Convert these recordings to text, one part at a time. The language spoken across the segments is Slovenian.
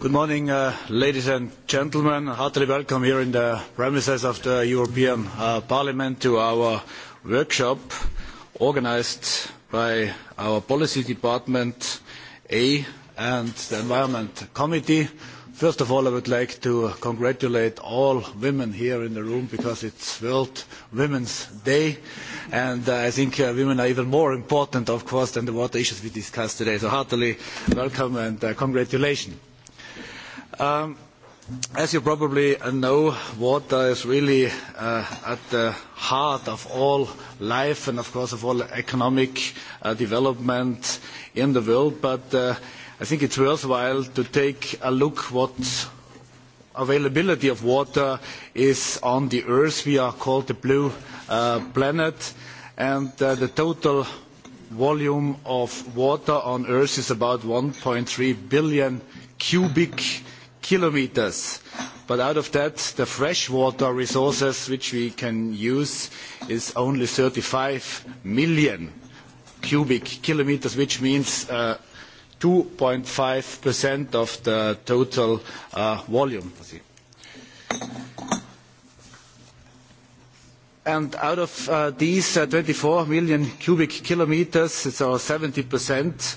Good morning, uh, ladies and gentlemen. Heartily welcome here in the premises of the European uh, Parliament to our workshop organized by our policy department A and the Environment Committee. First of all, I would like to congratulate all women here in the room because it's World Women's Day. And uh, I think uh, women are even more important, of course, than the water issues we discussed today. So heartily welcome and uh, congratulations. Um, as you probably know, water is really uh, at the heart of all life and, of course, of all economic uh, development in the world. But uh, I think it's worthwhile to take a look what availability of water is on the Earth. We are called the Blue uh, Planet, and uh, the total volume of water on Earth is about 1.3 billion cubic meters kilometers. But out of that, the freshwater resources which we can use is only 35 million cubic kilometers, which means 2.5% uh, of the total uh, volume. And out of uh, these 24 million cubic kilometers, it's our 70%,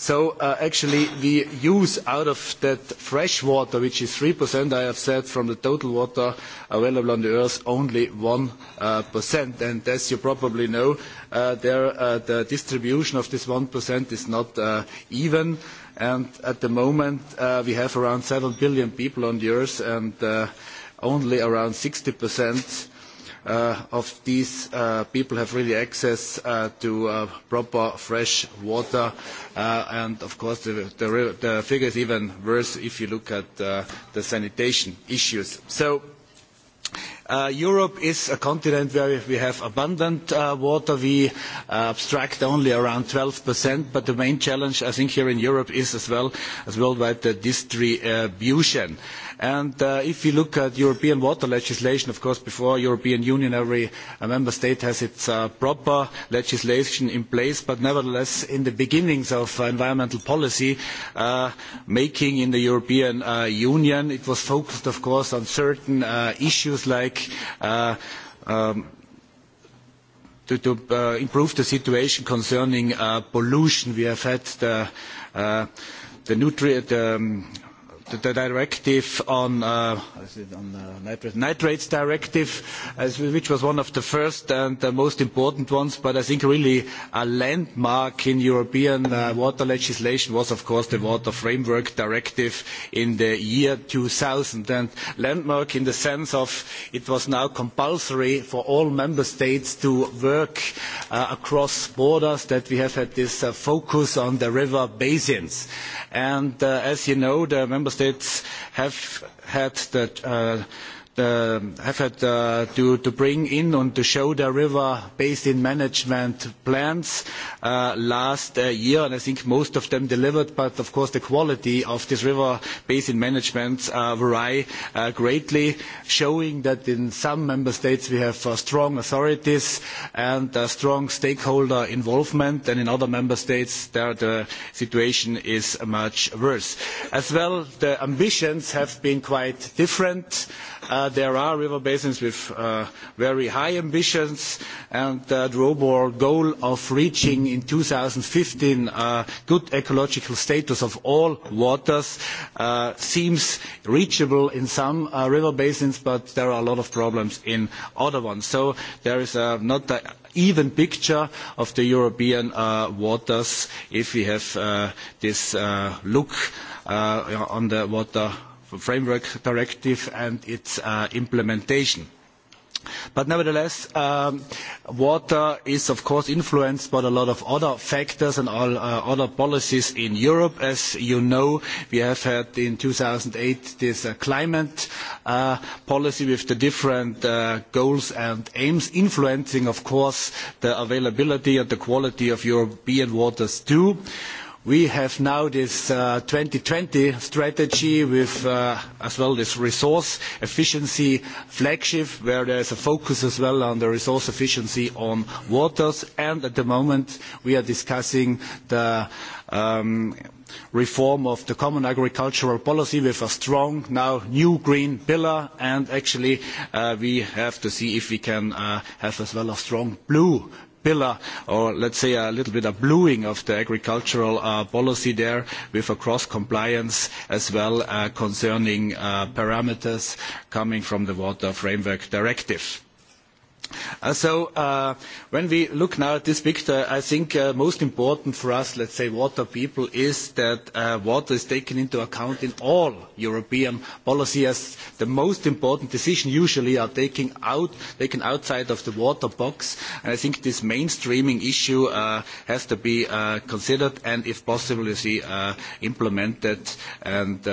So uh, actually, the use out of that fresh water, which is 3%, I have said, from the total water available on the Earth, only 1%. Uh, and as you probably know, uh, there, uh, the distribution of this 1% is not uh, even. And at the moment, uh, we have around 7 billion people on the Earth, and uh, only around 60% uh, of these uh, people have really access uh, to uh, proper fresh water. Uh, and of course, the, the, the figure is even worse if you look at uh, the sanitation issues. So. Uh, Europe is a continent where we have abundant uh, water. We uh, abstract only around 12%, but the main challenge, I think, here in Europe is as well as worldwide the uh, distribution. Uh, And uh, if you look at European water legislation, of course, before European Union, every uh, member state has its uh, proper legislation in place. But nevertheless, in the beginnings of uh, environmental policy uh, making in the European uh, Union, it was focused, of course, on certain uh, issues like. Uh, um, to, to uh, improve the situation concerning uh, pollution, we have had the, uh, the nutrient um the directive on uh, nitrates directive, as we, which was one of the first and the most important ones, but I think really a landmark in European uh, water legislation was, of course, the water framework directive in the year 2000. And landmark in the sense of it was now compulsory for all member states to work uh, across borders that we have had this uh, focus on the river basins. And uh, as you know, the member states have had the uh, Uh, effort uh, to bring in and to show the river basin management plans uh, last year, and I think most of them delivered. But of course, the quality of this river basin management vary greatly, showing that in some member states, we have strong authorities and a strong stakeholder involvement, and in other member states, there the situation is much worse. As well, the ambitions have been quite different. Uh, there are river basins with uh, very high ambitions, and uh, the overall goal of reaching in 2015 a good ecological status of all waters seems reachable in some river basins, but there are a lot of problems in other ones. So there is not an even picture of the European waters if we have this look on the water framework directive and its uh, implementation. But nevertheless, um, water is of course influenced by a lot of other factors and all uh, other policies in Europe. As you know, we have had in 2008 this uh, climate uh, policy with the different uh, goals and aims, influencing of course the availability and the quality of European waters too. We have now this 2020 uh, strategy with uh, as well this resource efficiency flagship, where there's a focus as well on the resource efficiency on waters. At the moment, we are discussing the um, reform of the Common Agricultural Policy with a strong, now new green pillar. Actually, uh, we have to see if we can have as well a strong blue pillar or let's say a little bit of bluing of the agricultural uh, policy there with a cross compliance as well uh, concerning uh, parameters coming from the water framework directive. Uh, uh, when we look now at this picture, I think uh, most important for us, let's say, water people, is that water is taken into account in all European policy as the most important decision usually are taken outside of the water box. I think this mainstreaming issue has to be considered and if possible, you see, implemented and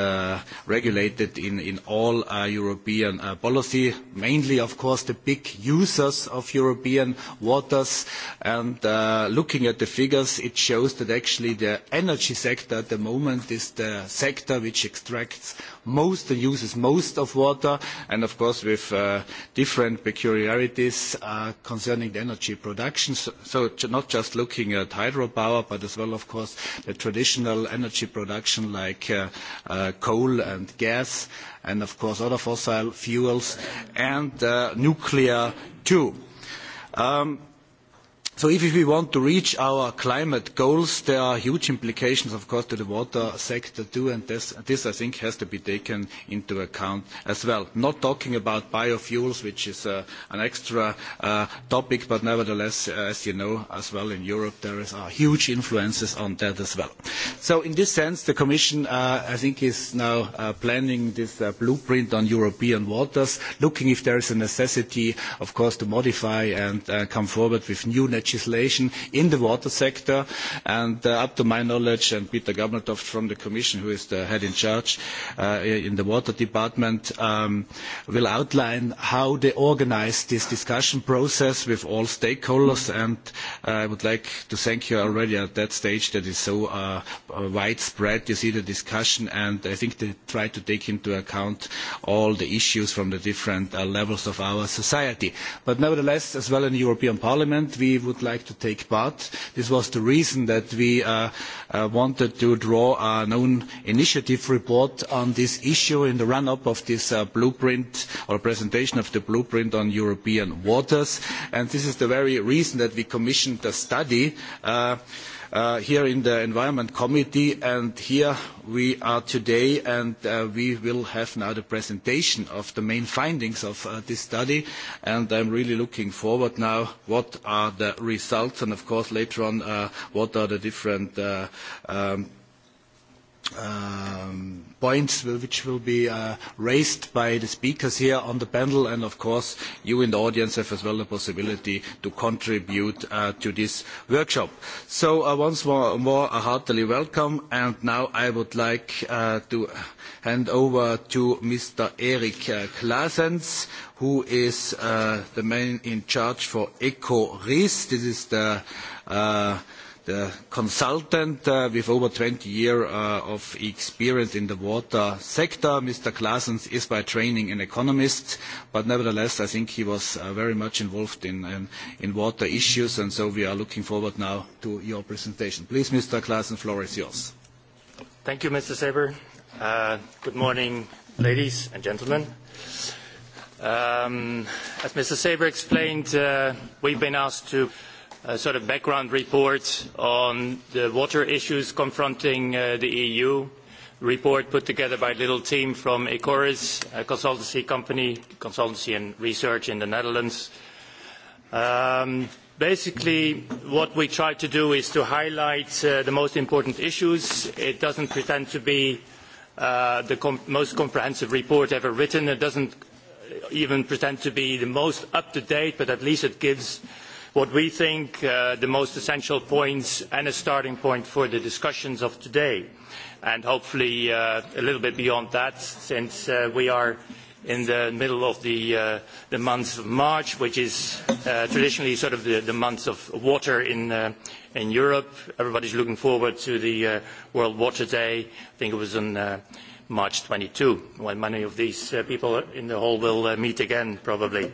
regulated in all European policy. Mainly, of course, the big users users of European waters. Uh, looking at the figures, it shows that actually the energy sector at the moment is the sector which extracts most and uses most of water, and of course, with uh, different peculiarities uh, concerning the energy production. So not just looking at hydropower, but as well, of course, the traditional energy production like uh, coal and gas, and of course, other fossil fuels, and nuclear, too. Um, So if we want to reach our climate goals, there are huge implications, of course, to the water sector too, and this, this I think, has to be taken into account as well. Not talking about biofuels, which is uh, an extra uh, topic, but nevertheless, uh, as you know as well in Europe, there is, are huge influences on that as well. So in this sense, the Commission, uh, I think, is now uh, planning this uh, blueprint on European waters, looking if there is a necessity, of course, to modify and uh, come forward with new legislation in the water sector. And uh, up to my knowledge, and Peter Gabnatov from the Commission, who is the head in charge uh, in the water department, um, will outline how they organize this discussion process with all stakeholders. Mm-hmm. And uh, I would like to thank you already at that stage that is so uh, uh, widespread. You see the discussion, and I think they try to take into account all the issues from the different uh, levels of our society. But nevertheless, as well in the European Parliament, we would would like to take part. This was the reason that we uh, uh, wanted to draw an own initiative report on this issue in the run-up of this uh, blueprint or presentation of the blueprint on European waters. And this is the very reason that we commissioned the study. Uh, Uh, here in the environment committee, and here we are today, and uh, we will have now the presentation of the main findings of uh, this study. I'm really looking forward now what are the results and of course later on what are the different um, um, points which will be uh, raised by the speakers here on the panel, and of course, you in the audience have as well the possibility to contribute uh, to this workshop. So, uh, once more, more a heartily welcome, and now I would like uh, to hand over to Mr. Erik uh, Klasens, who is uh, the man in charge for Eco This is the uh, the uh, consultant uh, with over 20 years uh, of experience in the water sector. Mr. Claessens is by training an economist, but nevertheless, I think he was very much involved in water issues, and so we are looking forward now to your presentation. Please, Mr. Claessens, the floor is yours. Thank you, Mr. Seber. Good morning, ladies and gentlemen. Um, as Mr. Seber explained, we've been asked to uh, sort of background reports on the water issues confronting uh, the EU, report put together by a little team from Ecoris, a consultancy company, consultancy and research in the Netherlands. Um, basically, what we try to do is to highlight uh, the most important issues. It doesn't pretend to be uh, the com most comprehensive report ever written. It doesn't even pretend to be the most up-to-date, but at least it gives uh, what we think are uh, the most essential points and a starting point for the discussions of today and hopefully uh, a little bit beyond that since uh, we are in the middle of the, uh, the month of March, which is uh, traditionally sort of the, the month of water in, uh, in Europe. Everybody's looking forward to the uh, World Water Day. I think it was on uh, March 22, when many of these uh, people in the hall will uh, meet again, probably.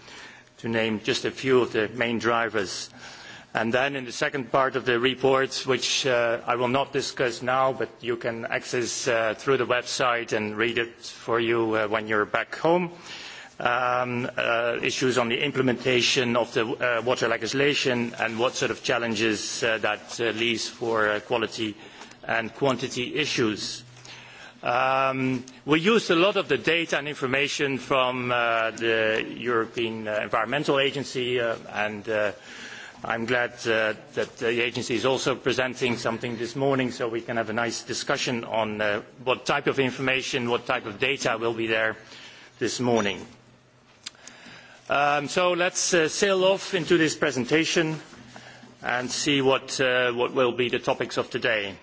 to name just a few of the main drivers. And then in the second part of the report, which uh, I will not discuss now, but you can access uh, through the website and read it for you uh, when you're back home, um, uh, issues on the implementation of the uh, water legislation and what sort of challenges uh, that uh, leaves for uh, quality and quantity issues. Um, we use a lot of the data and information from uh, the European uh, Environmental Agency, uh, and uh, I'm glad uh, that the agency is also presenting something this morning so we can have a nice discussion on uh, what type of information, what type of data will be there this morning. Um, so let's uh, sail off into this presentation and see what, uh, what will be the topics of today.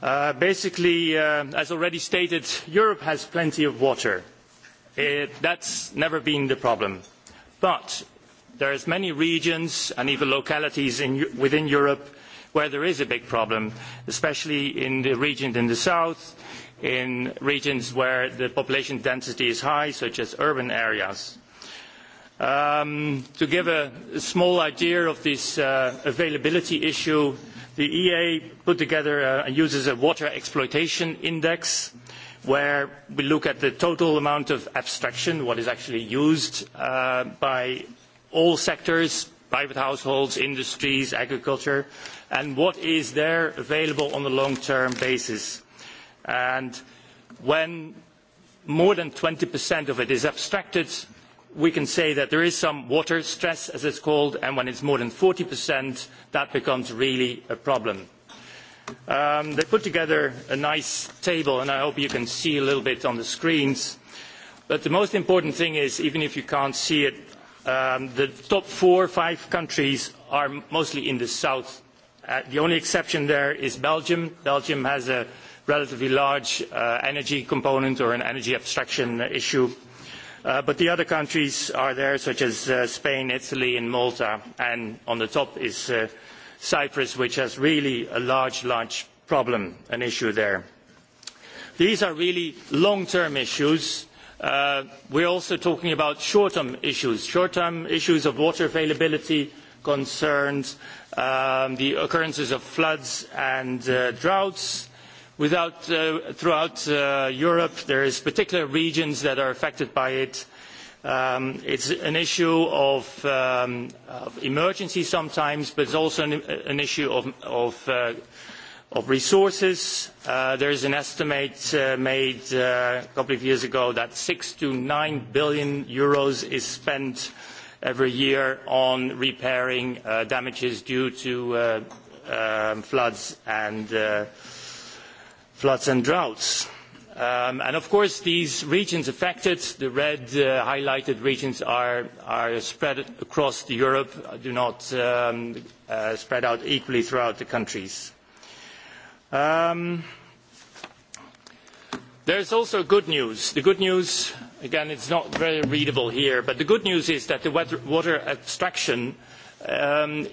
Uh, basically uh, as already stated europe has plenty of water uh, that has never been the problem but there are many regions and even localities within europe where there is a big problem especially in the regions in the south in regions where the population density is high such as urban areas. Um, to give a small idea of this availability issue the ea put together and uh, uses a water exploitation index where we look at the total amount of abstraction what is actually used uh, by all sectors private households industries agriculture and what is there available on a long term basis and when more than twenty of it is abstracted we can say that there is some water stress as it is called and when it is more than forty that becomes really a problem. Um, they put together a nice table and i hope you can see a little bit on the screens but the most important thing is even if you cannot see it um, the top four or five countries are mostly in the south. Uh, the only exception there is Belgium. Belgium has a relatively large uh, energy component or an energy abstraction issue. Uh, but the other countries are there such as uh, spain italy and malta and on the top is uh, cyprus which has really a large problem and issue there. these are really long term issues. we are also talking about short term issues short term issues of water availability concerns um, the occurrences of floods and droughts Uh, throughout uh, europe there are particular regions that are affected by it. Um, it is an issue um, of emergency sometimes but it is also an issue of uh, resources. there is an estimate made a couple of years ago that eur six to nine billion is spent every year on repairing damage due to um, floods and floods and droughts. Um, of course, these regions affected, the red uh, highlighted regions are spread across Europe, uh, do not um, uh, spread out equally throughout the countries. Um, There is also good news. The good news, again, it's not very readable here, but the good news is that the water extraction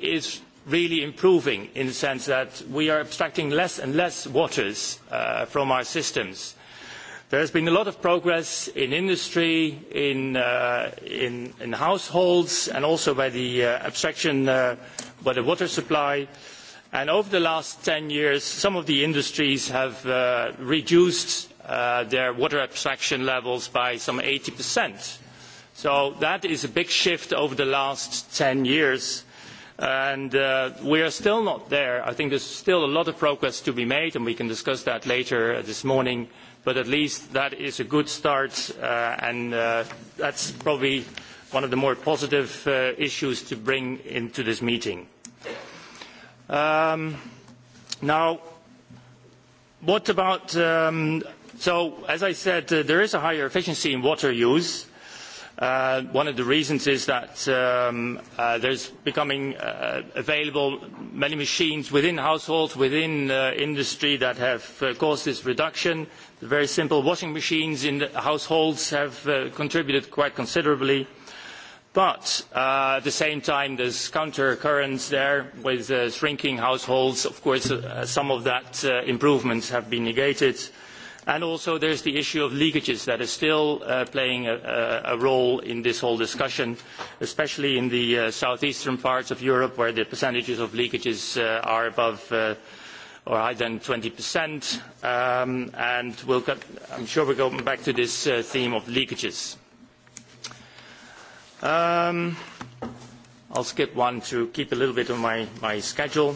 is really improving in the sense that we are extracting less and less water uh, from our systems. There has been a lot of progress in industry, in, uh, in, in households, and also by the uh, abstraction uh, by the water supply. And over the last 10 years, some of the industries have uh, reduced uh, their water abstraction levels by some 80%. So that is a big shift over the last 10 years and uh, we are still not there. i think there is still a lot of progress to be made and we can discuss that later uh, this morning but at least that is a good start uh, and that is probably one of the more positive issues to bring into this meeting. Um, now what about um, so as i said there is a higher efficiency in water use Uh, one of the reasons is that um, uh, there are becoming uh, available many machines within households and within industry that have caused this reduction. the very simple washing machines in households have contributed quite considerably but at the same time there are counter currents there with shrinking households of course some of that improvement has been negated and also there is the issue of leakages that is still uh, playing a role in this whole discussion especially in the uh, south eastern parts of europe where the percentages of leakages uh, are above or higher than twenty um, and i am sure we will come back to this theme of leakages. i um, will skip one to keep a little bit of my schedule.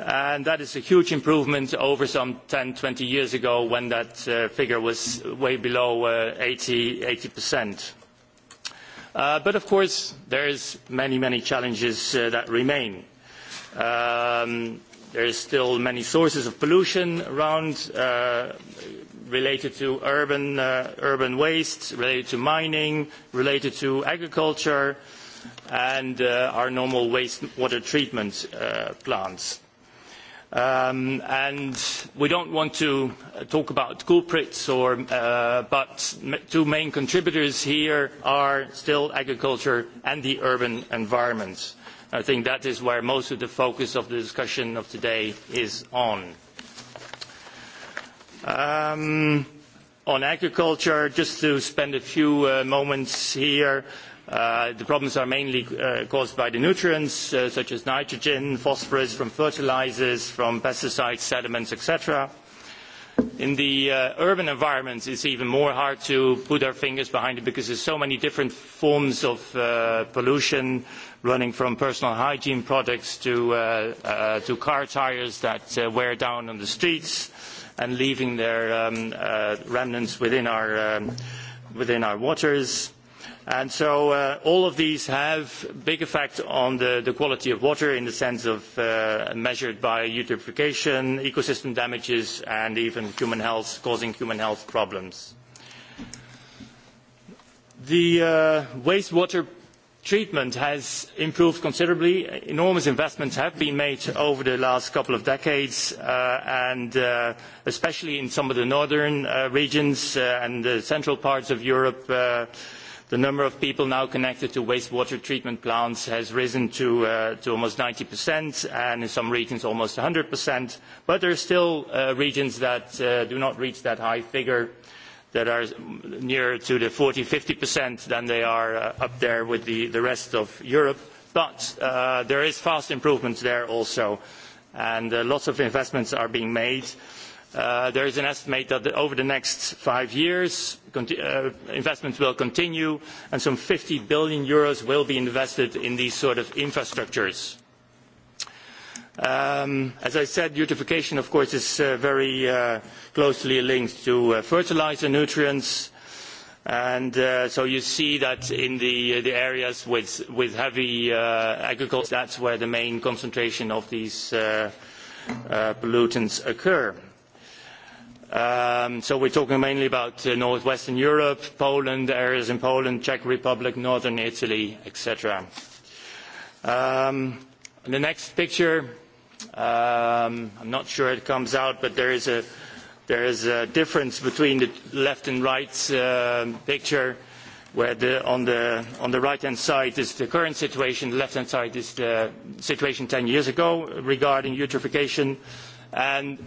and that is a huge improvement over some ten or twenty years ago when that uh, figure was way below uh, eighty. Uh, but of course there are many many challenges that remain. Um, there are still many sources of pollution around related to urban waste related to mining related to agriculture and our normal wastewater treatment plants. Um, and we do not want to uh, talk about culprits uh, but two main contributors here are still agriculture and the urban environment. i think that is where most of the focus of the discussion of today is on. Um, on agriculture just to spend a few uh, moments here Uh, the problems are mainly uh, caused by the nutrients uh, such as nitrogen phosphorus from fertilisers from pesticides sediments etc. in the uh, urban environments it's even more hard to put our fingers behind it because there's so many different forms of uh, pollution running from personal hygiene products to, uh, uh, to car tires that uh, wear down on the streets and leaving their um, uh, remnants within our, um, within our waters. Uh, And so uh, all of these have big effects on the, the quality of water in the sense of uh, measured by eutrophication, ecosystem damages, and even human health, causing human health problems. The uh, wastewater treatment has improved considerably. Enormous investments have been made over the last couple of decades, uh, and uh, especially in some of the northern uh, regions uh, and the central parts of Europe. Uh, the number of people now connected to waste water treatment plants has risen uh, to almost ninety percent and in some regions almost one hundred percent but there are still uh, regions that uh, do not reach that high figure that are nearer to the forty fifty percent than they are up there with the rest of europe but there is fast improvement there also and lots of investments are being made. Uh, there is an estimate that over the next five years, uh, investments will continue, and some 50 billion euros will be invested in these sort of infrastructures. Um, as I said, beautification, of course, is uh, very closely linked to fertilizer nutrients. So you see that in the areas with heavy agriculture, that's where the main concentration of these pollutants occur. Um, so we are talking mainly about uh, north western europe poland areas in poland czech republic northern italy etc. Um, the next picture i am um, not sure it comes out but there is a difference between the left and right uh, picture where on the right hand side is the current situation the left hand side is the situation ten years ago regarding eutrophication and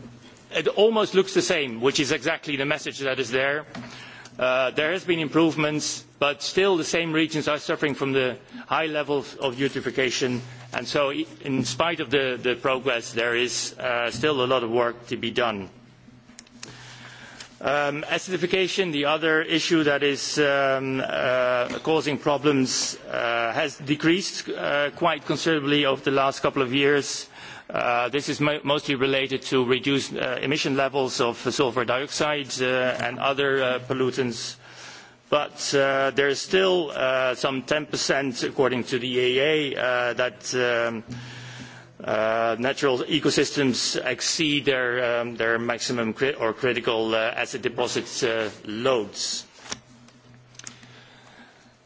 it almost looks the same which is exactly the message that is there. Uh, there have been improvements but still the same regions are suffering from the high levels of eutrophication and so in spite of the, the progress there is uh, still a lot of work to be done. Um, acidification, the other issue that is um, uh, causing problems, uh, has decreased uh, quite considerably over the last couple of years. Uh, Uh, this is mostly related to reduced uh, emission levels of sulfur dioxide uh, and other pollutants but uh, there is still uh, some 10% according to the EA uh, that um, uh, natural ecosystems exceed their, um, their maximum cri or critical uh, acid deposit uh, loads.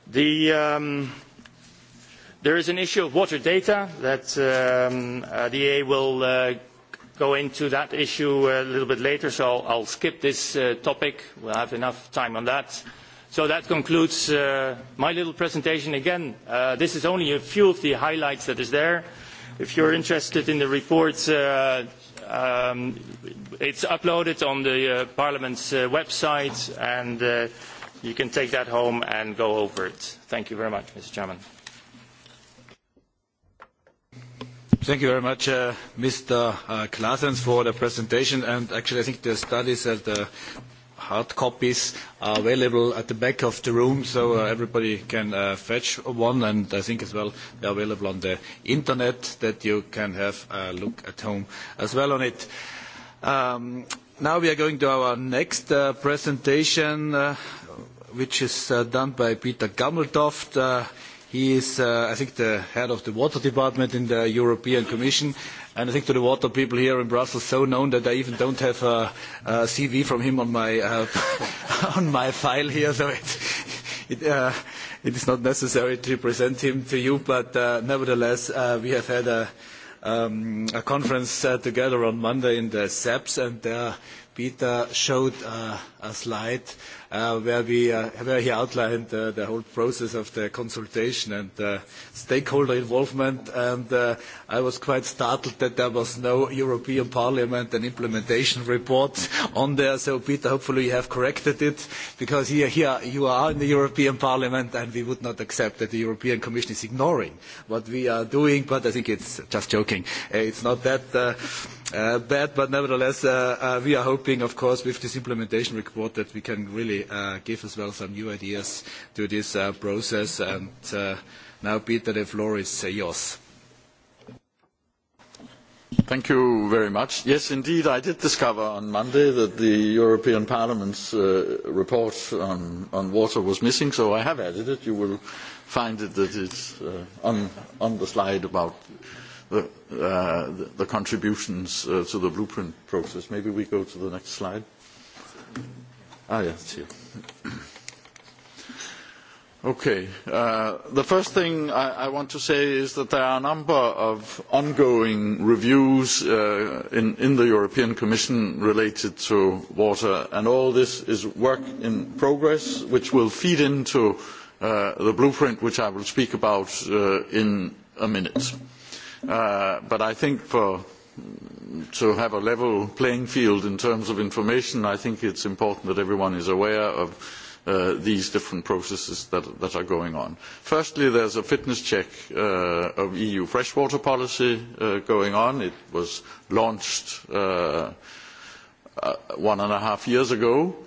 The, um, there is an issue of water data that um, uh, the eea will uh, go into a little bit later so i will skip this uh, topic we will have enough time on that. so that concludes my little presentation. again this is only a few of the highlights that are there. if you are interested in the report um, it is uploaded on the parliament's website and you can take that home and go over it. thank you very much mr president. Thank you very much, uh, Mr. Claessens, uh, for the presentation. Actually, I think the studies and the hard copies are available at the back of the room, so uh, everybody can fetch one. I think as well, they're available on the internet that you can have a look at home as well on it. Um, now we are going to our next presentation, which is done by Peter Gammeltoft. He is, uh, I think, the head of the water department in the European Commission. And I think to the water people here in Brussels, so known that I even don't have a, a CV from him on my, uh, on my file here. So it, it, uh, it is not necessary to present him to you. But uh, nevertheless, uh, we have had a, um, a conference uh, together on Monday in the SEPS. E And there, uh, Peter showed uh, a slide Uh, where we have uh, here outlined uh, the whole process of the consultation and uh, stakeholder involvement. And uh, I was quite startled that there was no European Parliament and implementation report on there. So, Peter, hopefully you have corrected it, because here, here you are in the European Parliament, and we would not accept that the European Commission is ignoring what we are doing. But I think it's just joking. Uh, it's not that. Uh, uh, bad, but nevertheless, uh, uh, we are hoping, of course, with this implementation report that we can really actually uh, give as well some new ideas to this uh, process. And uh, now, Peter, the floor is yours. Thank you very much. Yes, indeed, I did discover on Monday that the European Parliament's report on water was missing, so I have added it. You will find it that it's on the slide about the contributions to the blueprint process. Maybe we go to the next slide. Ah, yes, it's here. Okay. Uh, the first thing I want to say is that there are a number of ongoing reviews uh, in the European Commission related to water, and all this is work in progress, which will feed into uh, the blueprint, which I will speak about in a minute. I think for to have a level playing field in terms of information, I think it's important that everyone is aware of uh, these different processes that, that are going on. Firstly, there's a fitness check uh, of EU freshwater policy uh, going on. It was launched uh, uh, one and a half years ago. Uh,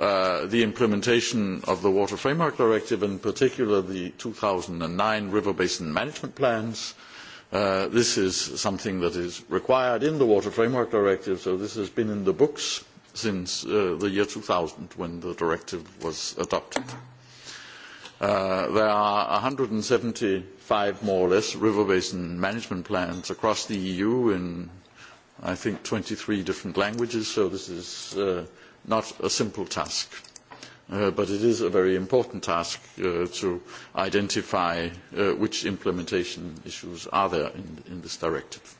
Uh, the implementation of the water framework directive in particular the two thousand and nine river basin management plans. Uh, this is something that is required in the water framework directive so this has been in the books since uh, the year two thousand when the directive was adopted. there are one hundred and seventy five more or less river basin management plans across the eu in i think twenty three different languages so this is not a simple task, uh, but it is a very important task uh, to identify uh, which implementation issues are there in, in this directive.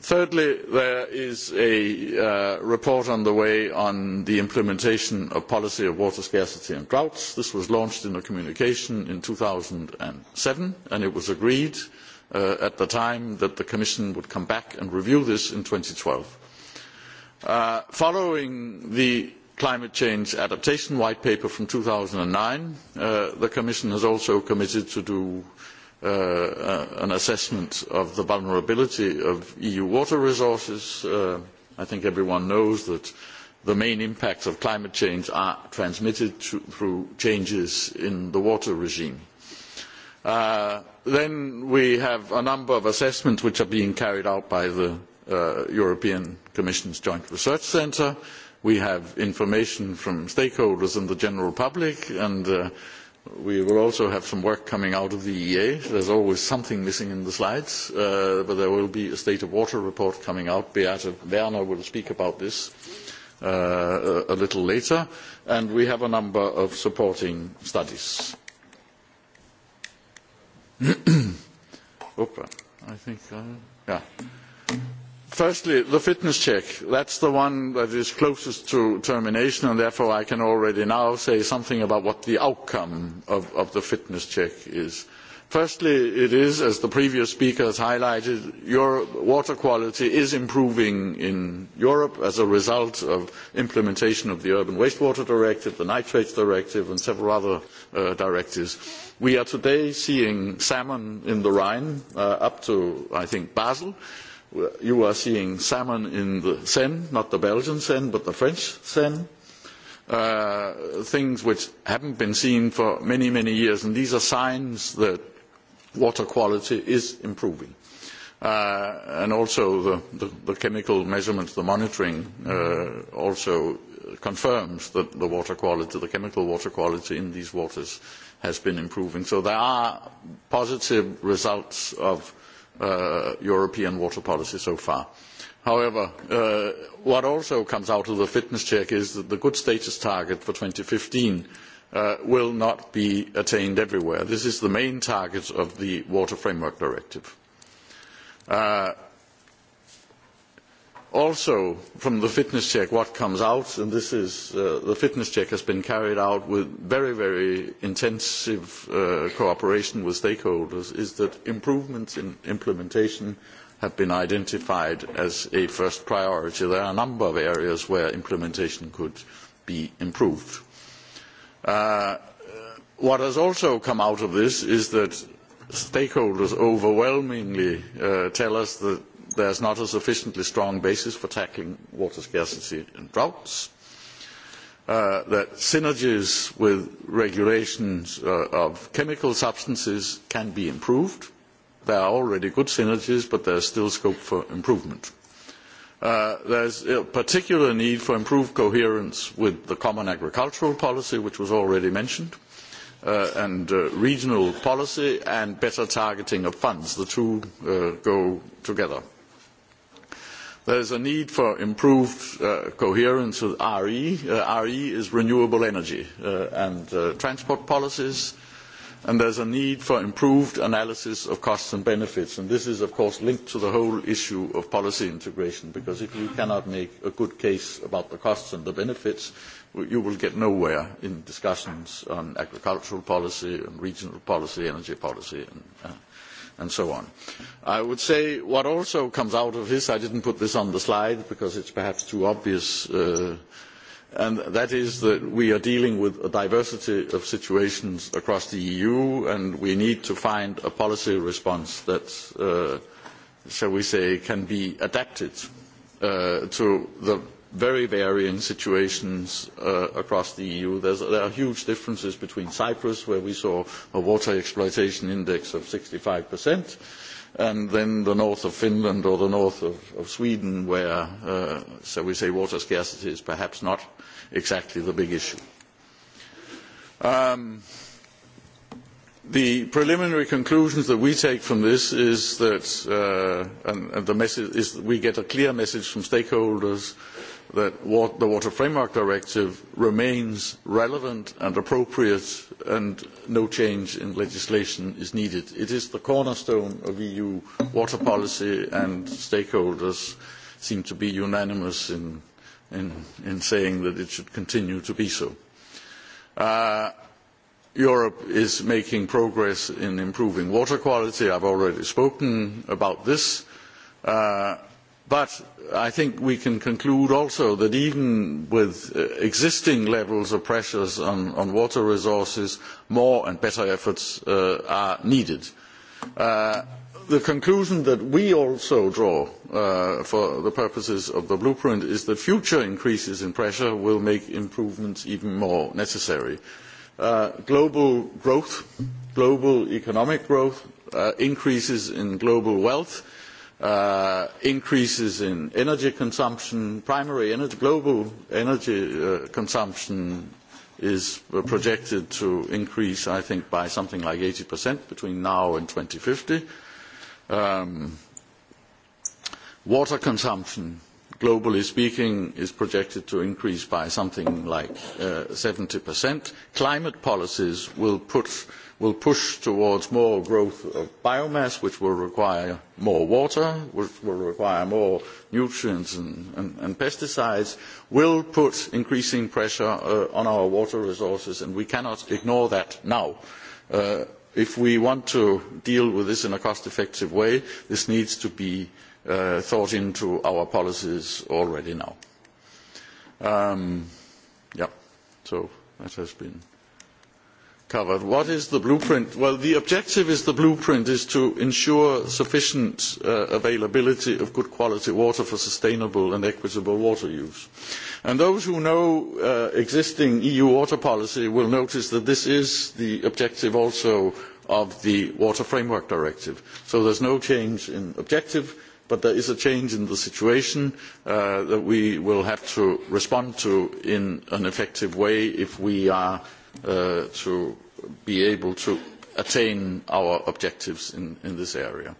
Thirdly, there is a uh, report on the way on the implementation of policy of water scarcity and droughts. This was launched in a communication in 2007, and it was agreed uh, at the time that the Commission would come back and review this in 2012. Uh, following the climate change adaptation white paper from two thousand and nine uh, the commission has also committed to doing uh, an assessment of the vulnerability of eu water resources. i think everyone knows that the main impacts of climate change are transmitted through changes in the water regime. then we have a number of assessments which are being carried out by the Uh, european commission's joint research centre we have information from stakeholders and the general public and uh, we will also have some work coming out of the eea there is always something missing in the slides uh, but there will be a state of water report coming out beate werner will speak about this a little later and we have a number of supporting studies i think yeah firstly the fitness check that is the one that is closest to termination and therefore i can already now say something about what the outcome of the fitness check is. firstly it is as the previous speaker has highlighted your water quality is improving in europe as a result of implementation of the urban wastewater directive the nitrates directive and several other uh, directives we are today seeing salmon in the rhine uh, up to i think basel uh, Uh, you are seeing salmon in the Seine, not the Belgian Seine, but the French Seine. Uh, things which haven't been seen for many, many years, and these are signs that water quality is improving. Uh, and also the, the, the chemical measurements, the monitoring, uh, also confirms that the water quality, the chemical water quality in these waters has been improving. So there are positive results of uh, European water policy so far. However, uh, what also comes out of the fitness check is that the good status target for 2015 uh, will not be attained everywhere. This is the main target of the Water Framework Directive. Uh, also from the fitness check what comes out and this is uh, the fitness check has been carried out with very very intensive uh, cooperation with stakeholders is that improvements in implementation have been identified as a first priority. There are a number of areas where implementation could be improved. Uh, what has also come out of this is that stakeholders overwhelmingly uh, tell us that there is not a sufficiently strong basis for tackling water scarcity and droughts uh, that synergies with regulations uh, of chemical substances can be improved there are already good synergies but there is still scope for improvement uh, there is a particular need for improved coherence with the common agricultural policy which was already mentioned and regional policy and better targeting of funds the two go together there is a need for improved uh, coherence with re uh, e renewable energy uh, and transport policies and there is a need for improved analysis of costs and benefits and this is of course linked to the whole issue of policy integration because if you cannot make a good case about the costs and the benefits you will get nowhere in discussions on agricultural policy and regional policy energy policy and uh, and so on. I would say what also comes out of this, I didn't put this on the slide because it's perhaps too obvious, uh, and that is that we are dealing with a diversity of situations across the EU and we need to find a policy response that, uh, shall we say, can be adapted uh, to the very varying situations uh, across the EU. There's, there are huge differences between Cyprus, where we saw a water exploitation index of 65%, and then the north of Finland or the north of, of Sweden, where, uh, so we say, water scarcity is perhaps not exactly the big issue. Um, the preliminary conclusions that we take from this is that uh, and, and the message is that we get a clear message from stakeholders uh, that the water framework directive remains relevant and appropriate and no change in legislation is needed. it is the cornerstone of eu water policy and stakeholders seem to be unanimous in, in, in saying that it should continue to be so. Uh, Europe is making progress in improving water quality. I've already spoken about this. Uh, but i think we can conclude also that even with uh, existing levels of pressure on water resources more and better efforts uh, are needed. Uh, the conclusion that we also draw for the purposes of the blueprint is that future increases in pressure will make improvements even more necessary. global growth global economic growth increases in global wealth Uh, increases in energy consumption primary energy global energy uh, consumption is projected to increase i think by something like eighty between now and two thousand and fifty um, water consumption globally speaking is projected to increase by something like uh, 70% climate policies will put uh, will push towards more growth of biomass, which will require more water, which will require more nutrients and, and, and pesticides, will put increasing pressure uh, on our water resources, and we cannot ignore that now. Uh, if we want to deal with this in a cost-effective way, this needs to be uh, thought into our policies already now. Um, yeah, so that has been covered. What is the blueprint? Well, the objective is the blueprint is to ensure sufficient uh, availability of good quality water for sustainable and equitable water use. And those who know uh, existing EU water policy will notice that this is the objective also of the Water Framework Directive. So there's no change in objective, but there is a change in the situation uh, that we will have to respond to in an effective way if we are Uh, to be able to attain our objectives in this area.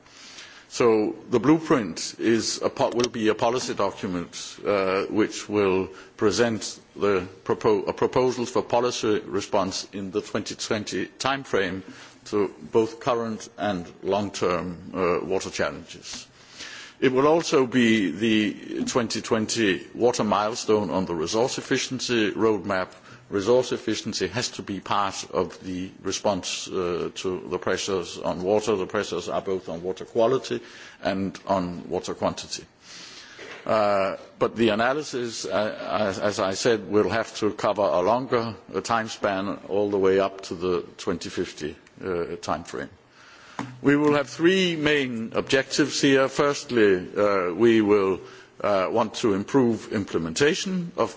The blueprint will be a policy document uh, which will present a proposal for policy response in the 2020 timeframe to both current and long-term uh, water challenges. It will also be the 2020 water milestone on the resource efficiency roadmap, resource efficiency has to be part of the response uh, to the pressures on water. The pressures are both on water quality and on water quantity. Uh, but the analysis, uh, as, as I said, will have to cover a longer a uh, time span all the way up to the 2050 uh, time frame. We will have three main objectives here. Firstly, uh, we will uh, want to improve implementation of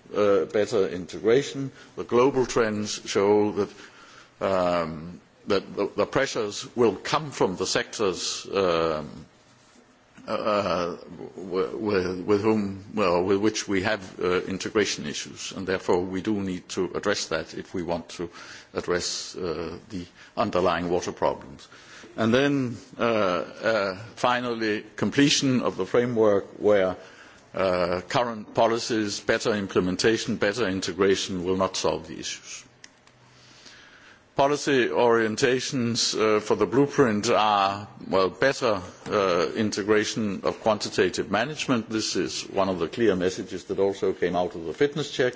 Uh, better integration. The global trends show that, um, that the, the pressures will come from the sectors um, uh, with, uh, with whom, well, with which we have uh, integration issues, and therefore we do need to address that if we want to address uh, the underlying water problems. And then, uh, uh, finally, completion of the framework where uh, Uh, current policies, better implementation, better integration will not solve the issues. Policy orientations uh, for the blueprint are well better uh, integration of quantitative management. This is one of the clear messages that also came out of the fitness check.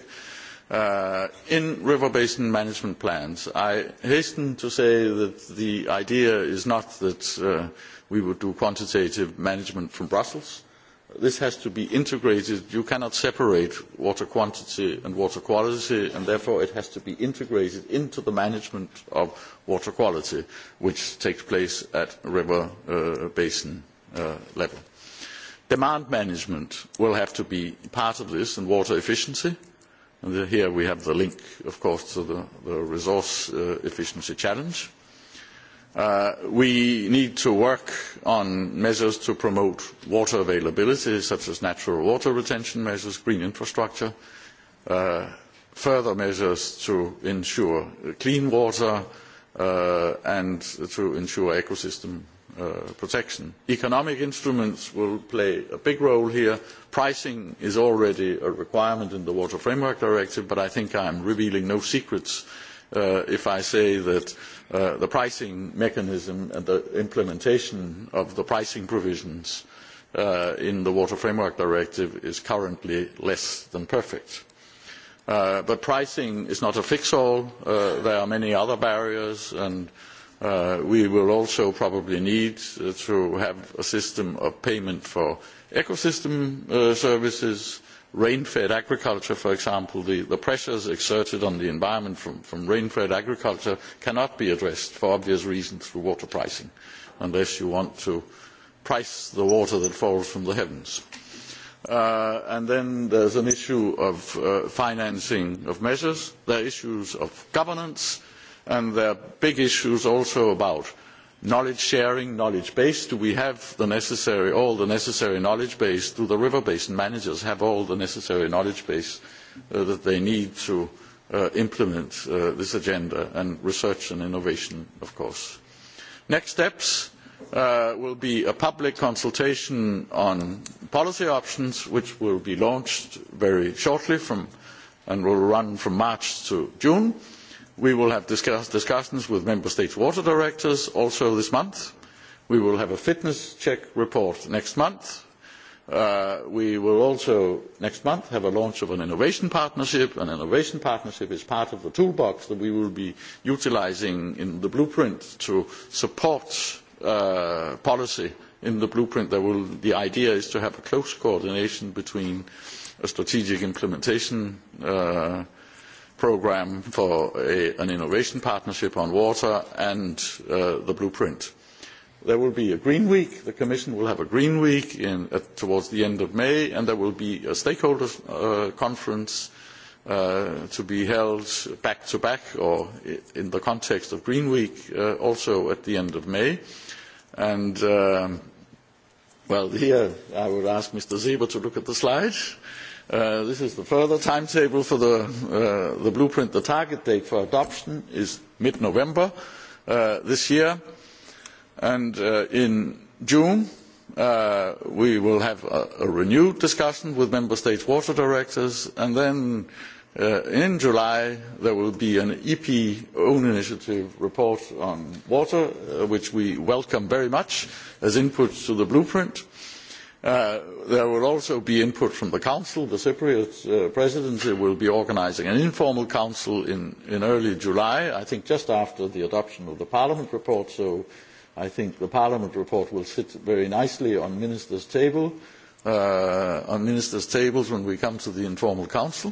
Uh, in river basin management plans, I hasten to say that the idea is not that uh, we would do quantitative management from Brussels. Uh, this has to be integrated. You cannot separate water quantity and water quality, and therefore it has to be integrated into the management of water quality, which takes place at river uh, basin uh, level. Demand management will have to be part of this, and water efficiency. And here we have the link, of course, to the, the resource uh, efficiency challenge. Uh, Uh, we need to work on measures to promote water availability such as natural water retention measures green infrastructure uh, further measures to ensure clean water uh, and to ensure ecosystem protection. economic instruments will play a big role here. pricing is already a requirement in the water framework directive but i think i am revealing no secrets Uh, if I say that uh, the pricing mechanism and the implementation of the pricing provisions uh, in the Water Framework Directive is currently less than perfect. Uh, but pricing is not a fix-all. Uh, there are many other barriers, and uh, we will also probably need uh, to have a system of payment for ecosystem uh, services, rain fed agriculture for example the pressures exerted on the environment from rain fed agriculture cannot be addressed for obvious reasons through water pricing unless you want to price the water that falls from the heavens. Uh, and then there is an issue of uh, financing of measures, there are issues of governance and there are big issues also about knowledge sharing knowledge base do we have all the necessary knowledge base do the river basin managers have all the necessary knowledge base uh, that they need to uh, implement uh, this agenda and research and innovation of course. next steps will be a public consultation on policy options which will be launched very shortly and will run from march to june we will have discussions with member states' water directors also this month we will have a fitness check report next month uh, we will also next month have a launch of an innovation partnership an innovation partnership is part of the toolbox that we will be utilising in the blueprint to support uh, policy in the blueprint there will the idea is to have close coordination between a strategic implementation uh, programme for an innovation partnership on water and uh, the blueprint. there will be a green week the commission will have a green week towards the end of may and there will be a stakeholder uh, conference uh, to be held back to back or in the context of green week also at the end of may. Um, well here i would ask mr seeber to look at the slides. Uh, this is the further timetable for uh, the blueprint the target date for adoption is mid november uh, this year and in june we will have a renewed discussion with member states' water directors and then in july there will be an ep own initiative report on water which we welcome very much as input to the blueprint. Uh, there will also be input from the council the cypriot uh, presidency will be organising an informal council in early july i think just after the adoption of the parliament report so i think the parliament report will sit very nicely on ministers' uh, tables when we come to the informal council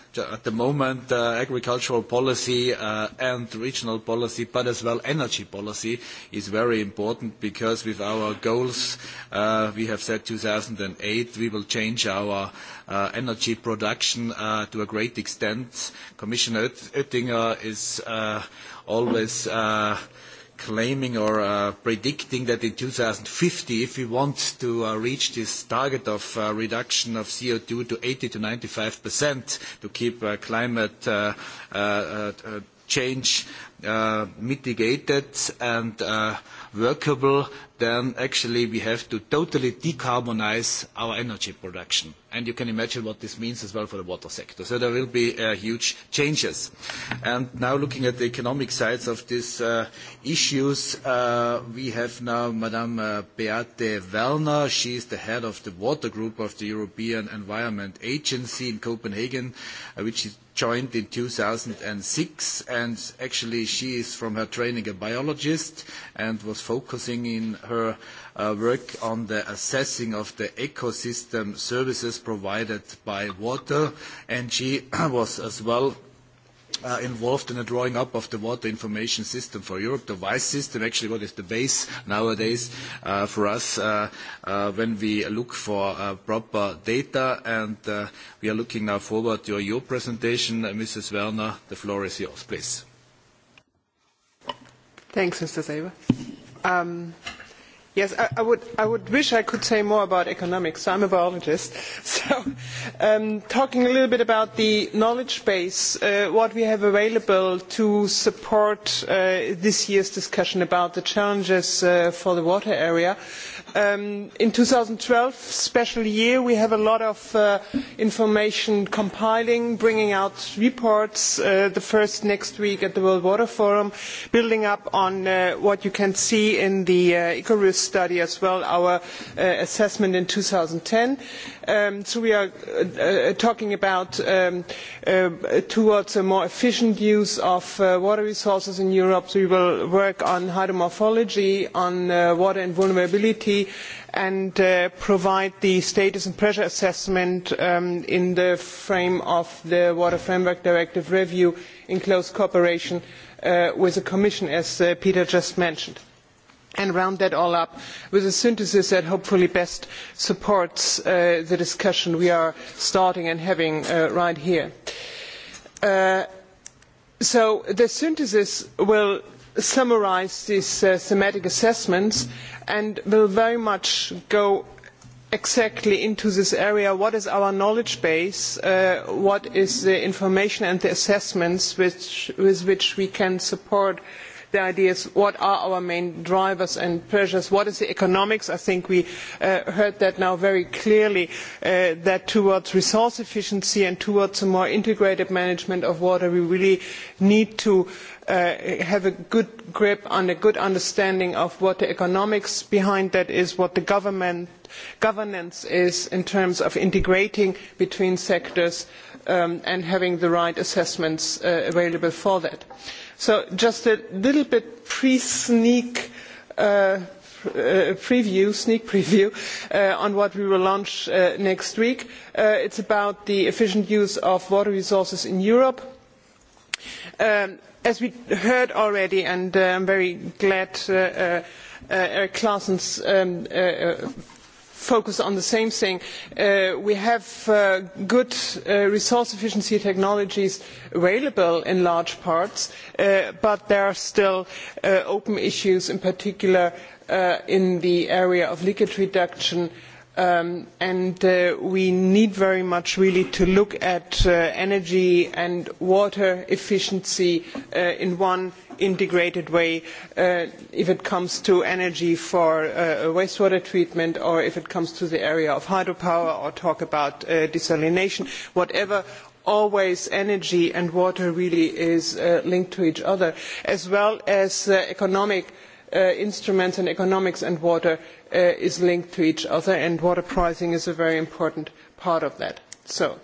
Uh, at the moment uh, agricultural policy uh, and regional policy but as well energy policy is very important because with our goals uh, we have set 2008 we will change our uh, energy production uh, to a great extent commissioner oettinger is uh, always uh, claiming or uh, predicting that in 2050, if we want to uh, reach this target of uh, reduction of CO2 to 80%-95% to keep climate change mitigated and workable, then actually we have to totally decarbonize our energy production. You can imagine what this means as well for the water sector. There will be uh, huge changes. Now looking at the economic sides of these uh, issues, uh, we have now Madame Beate Wellner. She is the head of the water group of the European Environment Agency in Copenhagen, which she joined in 2006. Actually, she is from her training a biologist and was focusing in her Uh, work on the assessing of the ecosystem services provided by water. She was as well uh, involved in the drawing up of the Water Information System for Europe, the WISE system, actually what is the base nowadays uh, for us when we look for proper data. We are looking now forward to your presentation. Mrs. Werner, the floor is yours, please. Thanks, Mr. Seiber. Um, i would wish i could say more about economics but i am a biologist. Um, talking a little bit about the knowledge base uh, what we have available to support uh, this year's discussion about the challenges uh, for the water area Um, in two thousand and twelve a special year we have a lot of uh, information compiling bringing out reports uh, the first next week at the world water forum building up on uh, what you can see in the icarus study as well as our assessment in. two thousand and ten um, so we are talking about um, a more efficient use of water resources in europe. we will work on hydromorphology on water and vulnerability and uh, provide the status and pressure assessment um, in the frame of the Water Framework Directive review in close cooperation uh, with the Commission, as uh, Peter just mentioned. And round that all up with a synthesis that hopefully best supports uh, the discussion we are starting and having uh, right here. Uh, so the synthesis will summarise these uh, thematic assessments and will very much go exactly into this area what is our knowledge base uh, what is the information and the assessments with which we can support the ideas what are our main drivers and pressures what is the economics i think we uh, heard that now very clearly uh, that towards resource efficiency and towards a more integrated management of water we really need to uh, have a good grip and a good understanding of what the economics behind that is what the governance is in terms of integrating between sectors um, and having the right assessments available for that just a little bit of a uh, uh, sneak preview uh, on what we will launch next week it is about the efficient use of water resources in europe. Um, as we heard already and i am very glad eric claessen's um, focus on the same thing uh, we have uh, good uh, resource efficiency technologies available in large parts but there are still open issues in particular in the area of leakage reduction um, and we need very much really to look at energy and water efficiency in one integrated way uh, if it comes to energy for uh, wastewater treatment or if it comes to the area of hydropower or talk about uh, desalination, whatever always energy and water really is uh, linked to each other, as well as uh, economic uh, instruments and economics and water uh, is linked to each other, and water pricing is a very important part of that. So, uh,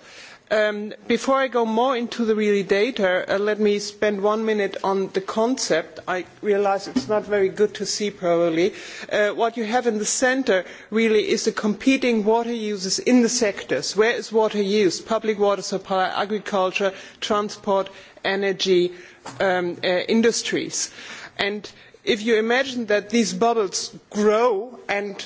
Um, before i go more into the real data uh, let me spend one minute on the concept i realise it is not very good to see probably. Uh, what you have in the centre really is the competing water uses in the sectors where is water used public water supply agriculture transport energy um, uh, industries and if you imagine that these bubbles grow and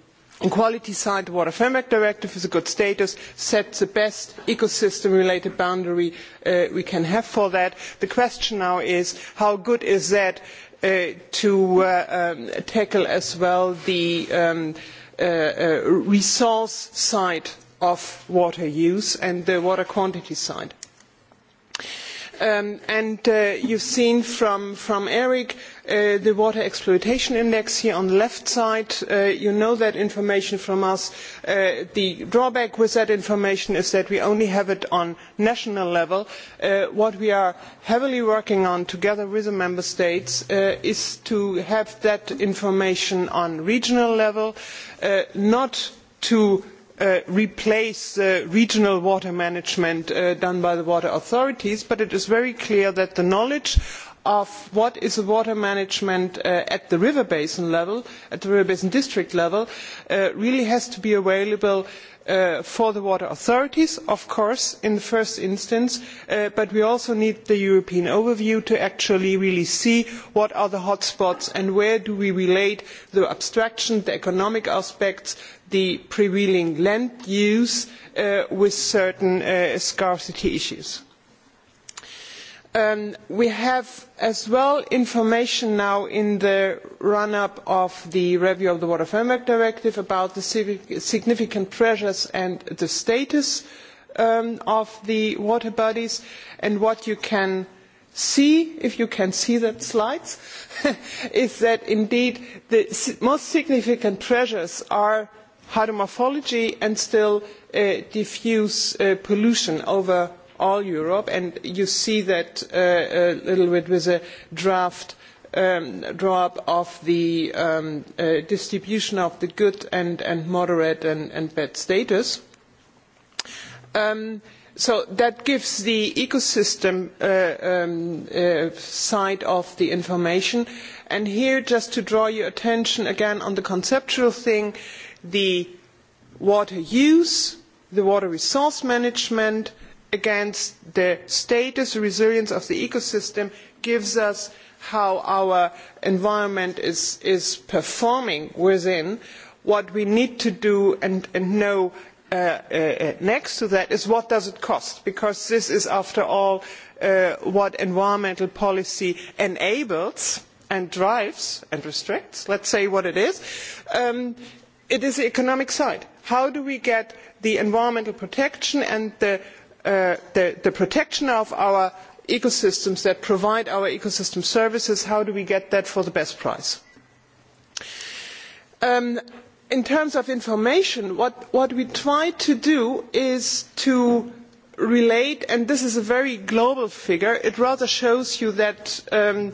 and quality signed water framework directive is a good status sets the best ecosystem related boundary uh, we can have for that. The question now is how good is that uh, to uh, um, tackle as well the um, uh, uh, resource side of water use and the water quantity side um, and uh, you've seen from, from Eric uh, the water exploitation index here on the left side. Uh, you know that information from us. Uh, the drawback with that information is that we only have it on national level. Uh, what we are heavily working on together with the member states uh, is to have that information on regional level, uh, not to Uh, replace the uh, regional water management uh, done by the water authorities but it is very clear that the knowledge of what water management is at the river basin level at the river basin district level really has to be available for the water authorities of course in the first instance but we also need the european overview to actually really see what are the hot spots and where do we relate the abstraction the economic aspects the prevailing land use uh, with certain uh, scarcity issues. Um, we have as well information now in the run-up of the review of the Water Framework Directive about the significant pressures and the status um, of the water bodies and what you can see, if you can see that slide, is that indeed the most significant pressures are hydro morphology and still uh, diffuse uh, pollution over all europe and you see that uh, a little bit with the draft um, draw up of the um, distribution of the good and moderate and bad status. Um, so that gives the ecosystem side of the information and here just to draw your attention again to the conceptual thing the water use, the water resource management against the status resilience of the ecosystem gives us how our environment is, is performing within. What we need to do and, and know uh, uh, uh next to that is what does it cost? Because this is, after all, uh, what environmental policy enables and drives and restricts, let's say what it is. Um, it is the economic side how do we get environmental protection and uh, the protection of our ecosystems that provide our ecosystem services for the best price? Um, in terms of information what we try to do is to relate and this is a very global figure it rather shows you that um,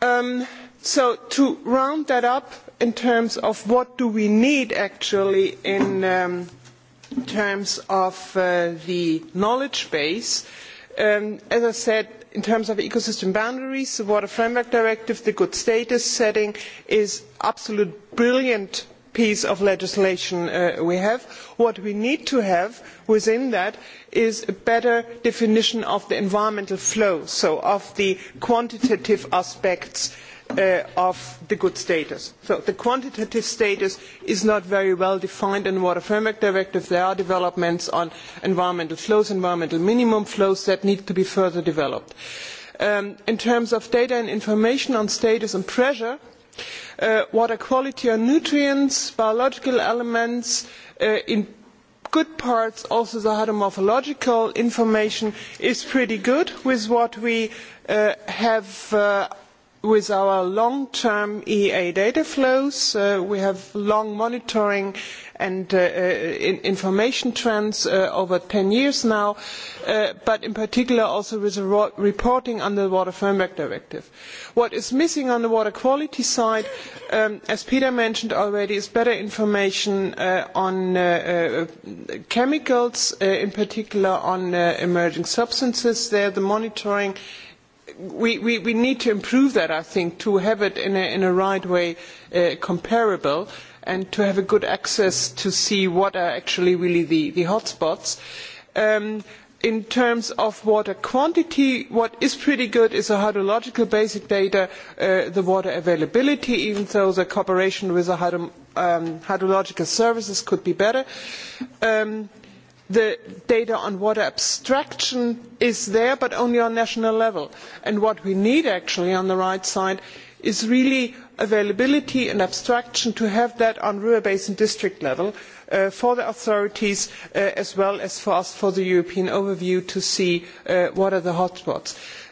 Um, so to round that up in terms of what do we need actually in um, terms of uh, the knowledge base um, as i said in terms of ecosystem boundaries the water framework directive the good status setting is an absolutely brilliant piece of legislation uh, we have. what we need to have within that is a better definition of the environmental flow so of the quantitative aspects uh, of the goods status. the quantitative status is not very well defined in the water framework directive. there are developments on environmental flows environmental minimum flows that need to be further developed. Um, in terms of data and information on status and pressure Uh, water quality and nutrients biological elements uh, in good parts also the hydromorphological information is pretty good with what we uh, have With our long-term EA data flows, uh, we have long monitoring and uh, uh, information trends over 10 years now, but in particular also with the reporting under the Water Framework Directive. What is missing on the water quality side, um, as Peter mentioned already, is better information on chemicals, in particular on emerging substances there. The monitoring we, we need to improve that, I think, to have it in a, in a right way uh, comparable and to have a good access to see what are actually really the, the hotspots. Um, in terms of water quantity, what is pretty good is the hydrological basic data, uh, the water availability, even though the cooperation with the hydro, um, hydrological services could be better. Um, the data on water abstraction is there but only at national level and what we need actually on the right side is really availability and abstraction to have that at river basin district level uh, for the authorities uh, as well as for us for the european overview to see uh, what the hot spots are.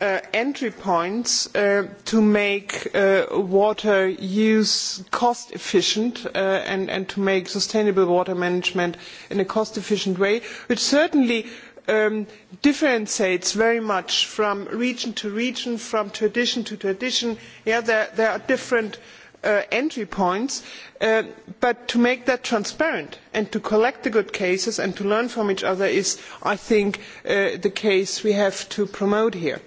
Uh, entry points uh, to make uh, water use cost efficient and to make sustainable water management in a cost efficient way which certainly um, differentiates very much from region to region from tradition to tradition there are different entry points but to make that transparent and to collect the good cases and to learn from each other is i think the case we have to promote here.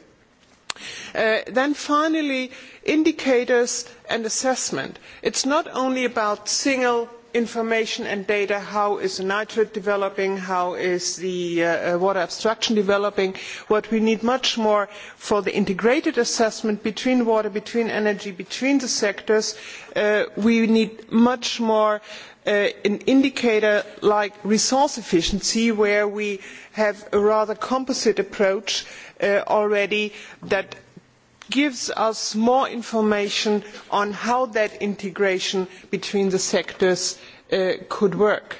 Uh, then finally indicators and assessment it is not only about single information and data how is nitrate developing how is the uh, uh, water abstraction developing what we need much more for the integrated assessment between water between energy between the sectors uh, we need much more uh, an indicator like resource efficiency where we have a rather composite approach uh, Uh, already that gives us more information on how that integration between the sectors uh, could work.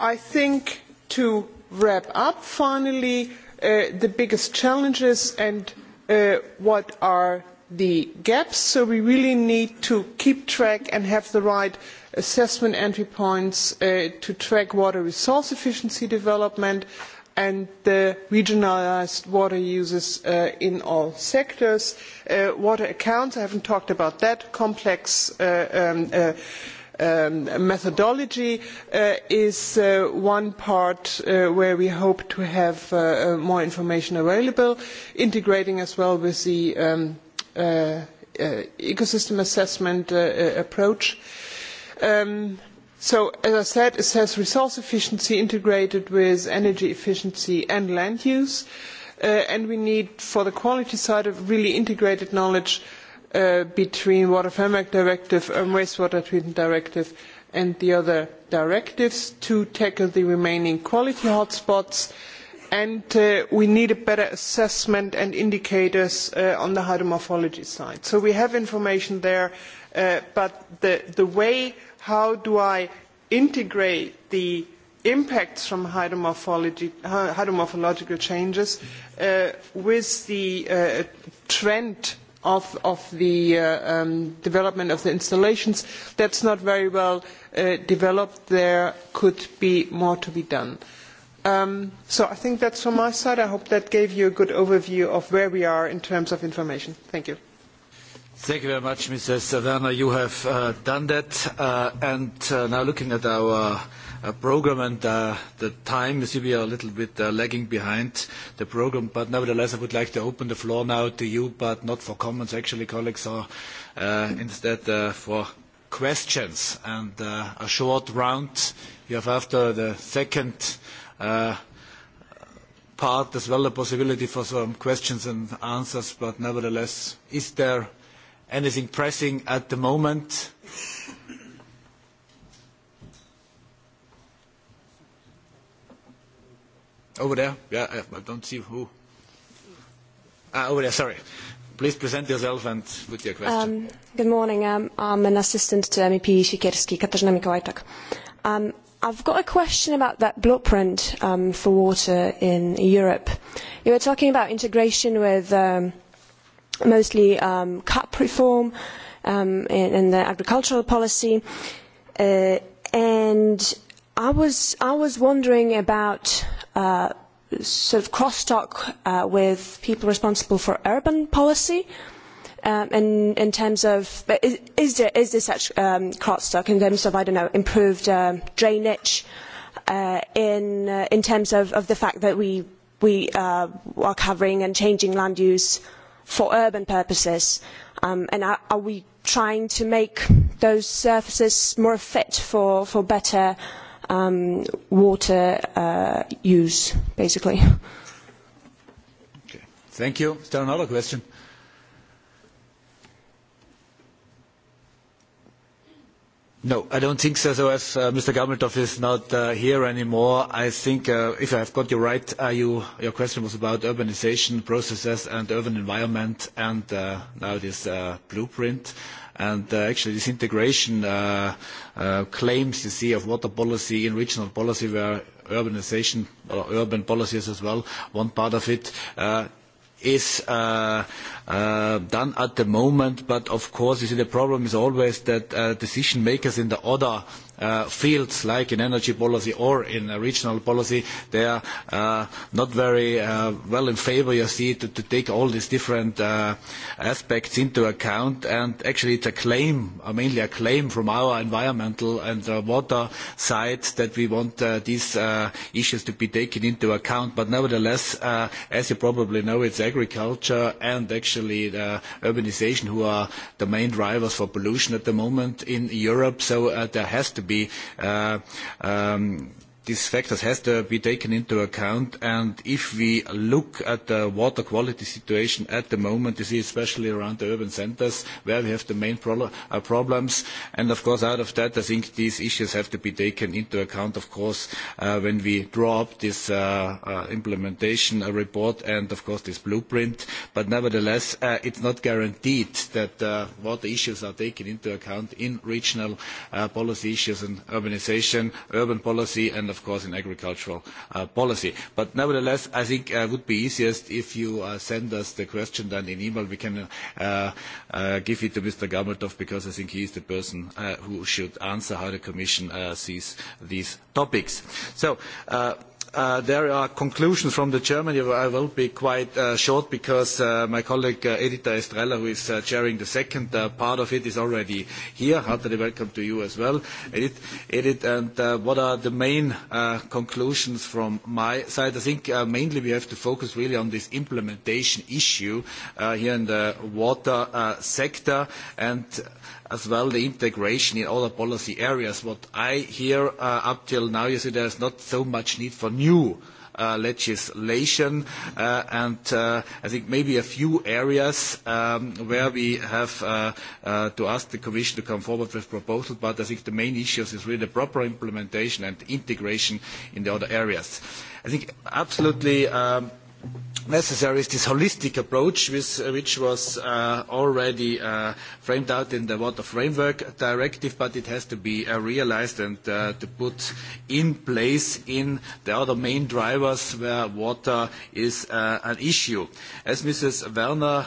i think to wrap up finally uh, the biggest challenges and what are the gaps we really need to keep track and have the right assessment entry points uh, to track water resource efficiency development and the regionalized water uses uh, in all sectors. Uh, water accounts, I haven't talked about that complex uh, um, uh, um, methodology uh, is uh, one part uh, where we hope to have uh, uh, more information available, integrating as well with the um, uh, uh, ecosystem assessment uh, uh, approach. Uh, Um, so as i said it says resource efficiency integrated with energy efficiency and land use uh, and we need for the quality side a really integrated knowledge uh, between the water framework directive and waste water treatment directive and the other directives to tackle the remaining quality hotspots and uh, we need a better assessment and indicators on the hydromorphology side. so we have information there but the way how do I integrate the impacts from hydromorphological changes uh, with the uh, trend of, of the uh, um, development of the installations. That's not very well uh, developed. There could be more to be done. Um, so I think that's from my side. I hope that gave you a good overview of where we are in terms of information. Thank you. Thank you very much, Mrs. Werner. You have uh, done that. Uh, uh, now looking at our program and the time, you see we are a little bit lagging behind the program. Nevertheless, I would like to open the floor now to you, but not for comments, actually, colleagues, instead for questions and a short round. You have after the second part as well, the possibility for some questions and answers. Nevertheless, is there anything pressing at the moment. Over there. Yeah, I don't see who. Ah, over there, sorry. Please present yourself and with your question. Um, good morning. Um, I'm an assistant to MEP Siekierski, Katarzyna Mikołajczak. Um, I've got a question about that blueprint for water in Europe. You were talking about integration with mostly um, cap reform um, in, in the agricultural policy. Uh, and I was, I was wondering about uh, sort of crosstalk uh, with people responsible for urban policy. Um, and in terms of, is, is, there, is there such um, crosstalk in terms of, I don't know, improved uh, drainage uh, in, uh, in terms of, of the fact that we, we uh, are covering and changing land use uh, for urban purposes? Um, and are, are we trying to make those surfaces more fit for, for better um, water uh, use, basically? Okay. Thank you. Is there another question? No, I don't think so. So, as uh, Mr. Gamletov is not uh, here anymore, I think uh, if I have got you right, uh, you, your question was about urbanization processes and urban environment, and uh, now this uh, blueprint. And uh, actually, this integration uh, uh, claims you see of water policy in regional policy, where urbanization or urban policies as well, one part of it, uh, is. Uh, Uh, done at the moment. But of course, you see, the problem is always that uh, decision makers in the other uh, fields, like in energy policy or in uh, regional policy, they are uh, not very uh, well in favor, you see, to, to take all these different uh, aspects into account. And actually, it's a claim, uh, mainly a claim from our environmental and uh, water side that we want uh, these uh, issues to be taken into account. But nevertheless, uh, as you probably know, it's agriculture and actually especially the urbanization who are the main drivers for pollution at the moment in Europe. So uh, there has to be uh, um, these factors have to be taken into account. And if we look at the water quality situation at the moment, you see especially around the urban centres where we have the main pro- uh, problems. And of course, out of that, I think these issues have to be taken into account. Of course, uh, when we draw up this uh, uh, implementation uh, report and of course this blueprint, but nevertheless, uh, it's not guaranteed that uh, water issues are taken into account in regional uh, policy issues and urbanisation, urban policy, and of of course, in agricultural uh, policy. But nevertheless, I think it uh, would be easiest if you uh, send us the question then in email. We can uh, uh, give it to Mr. Gamertov because I think he is the person uh, who should answer how the Commission uh, sees these topics. So. Uh, uh, there are conclusions from the Germany. I will be quite uh, short because uh, my colleague uh, Edita Estrella, who is uh, chairing the second uh, part of it, is already here. Heartily welcome to you as well, Edith. Edith and uh, what are the main uh, conclusions from my side? I think uh, mainly we have to focus really on this implementation issue uh, here in the water uh, sector and. Uh, as well the integration in all the policy areas. What I hear uh, up till now, you see there's not so much need for new uh, legislation. Uh, I think maybe a few areas um, where we have to ask the commission to come forward with proposals, but I think the main issues is really the proper implementation and integration in the other areas. I think absolutely, um, necessary is this holistic approach with, which was uh, already uh, framed out in the water framework directive, but it has to be uh, realized and uh, to put in place in the other main drivers where water is uh, an issue. as mrs. werner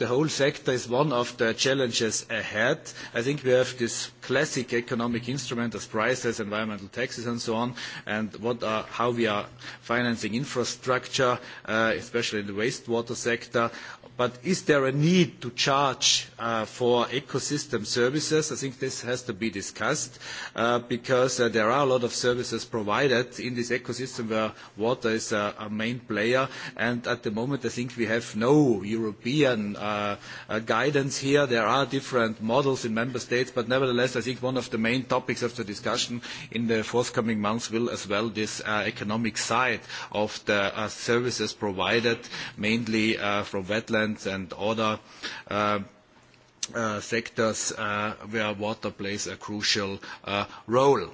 the whole sector is one of the challenges ahead. I think we have this classic economic instrument as prices, environmental taxes, and so on, and what are, how we are financing infrastructure, uh, especially in the wastewater sector but is there a need to charge uh, for ecosystem services? I think this has to be discussed uh, because uh, there are a lot of services provided in this ecosystem where water is a, a main player. And at the moment, I think we have no European uh, uh, guidance here. There are different models in member states, but nevertheless, I think one of the main topics of the discussion in the forthcoming months will as well this uh, economic side of the uh, services provided mainly uh, from wetlands segments and other uh, uh, sectors uh, where water plays a crucial role.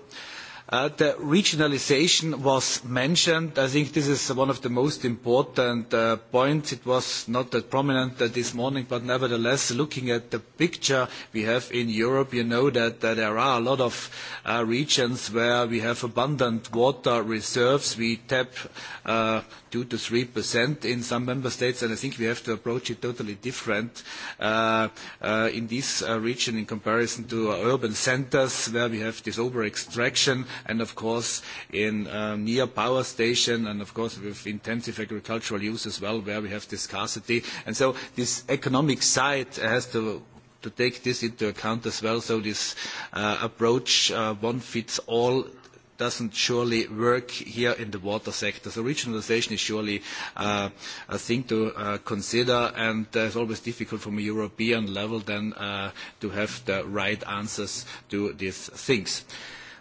Uh, the regionalization was mentioned. I think this is one of the most important uh, points. It was not that prominent uh, this morning, but nevertheless, looking at the picture we have in Europe, you know that there are a lot of regions where we have abundant water reserves. We tap 2%-3% in some member states, and I think we have to approach it totally different in this region in comparison to urban centers where we have this over-extraction and of course in uh, near power station and of course with intensive agricultural use as well where we have this scarcity and so this economic side has to to take this into account as well so this uh, approach uh, one fits all doesn't surely work here in the water sector. So regionalization is surely uh, a thing to uh, consider and uh, it's always difficult from a European level then uh, to have the right answers to these things. Uh,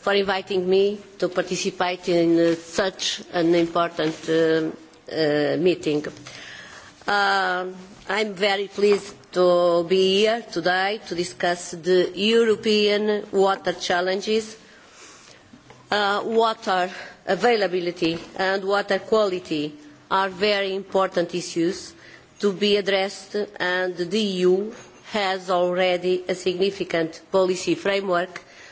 for inviting me to participate in uh, such an important uh, uh, meeting. Uh, I'm very pleased to be here today to discuss the European water challenges, uh, water availability and water quality are very important issues to be addressed and the EU has already a significant policy framework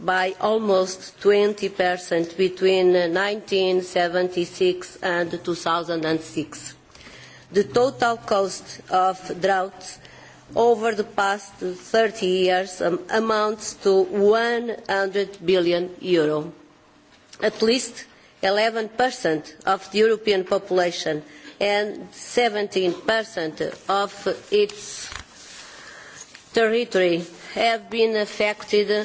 by almost 20 percent between 1976 and 2006. The total cost of droughts over the past 30 years um, amounts to 100 billion euro. At least 11 percent of the European population and 17 percent of its territory have been affected uh,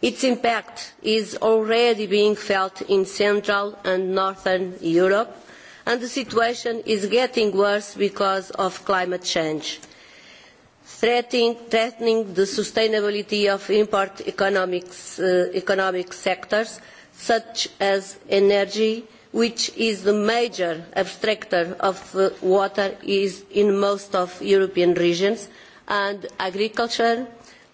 Its impact is already being felt in Central and Northern Europe, and the situation is getting worse because of climate change, threatening, threatening the sustainability of import economics, uh, economic sectors such as energy, which is the major abstractor of uh, water is in most of European regions, and agriculture,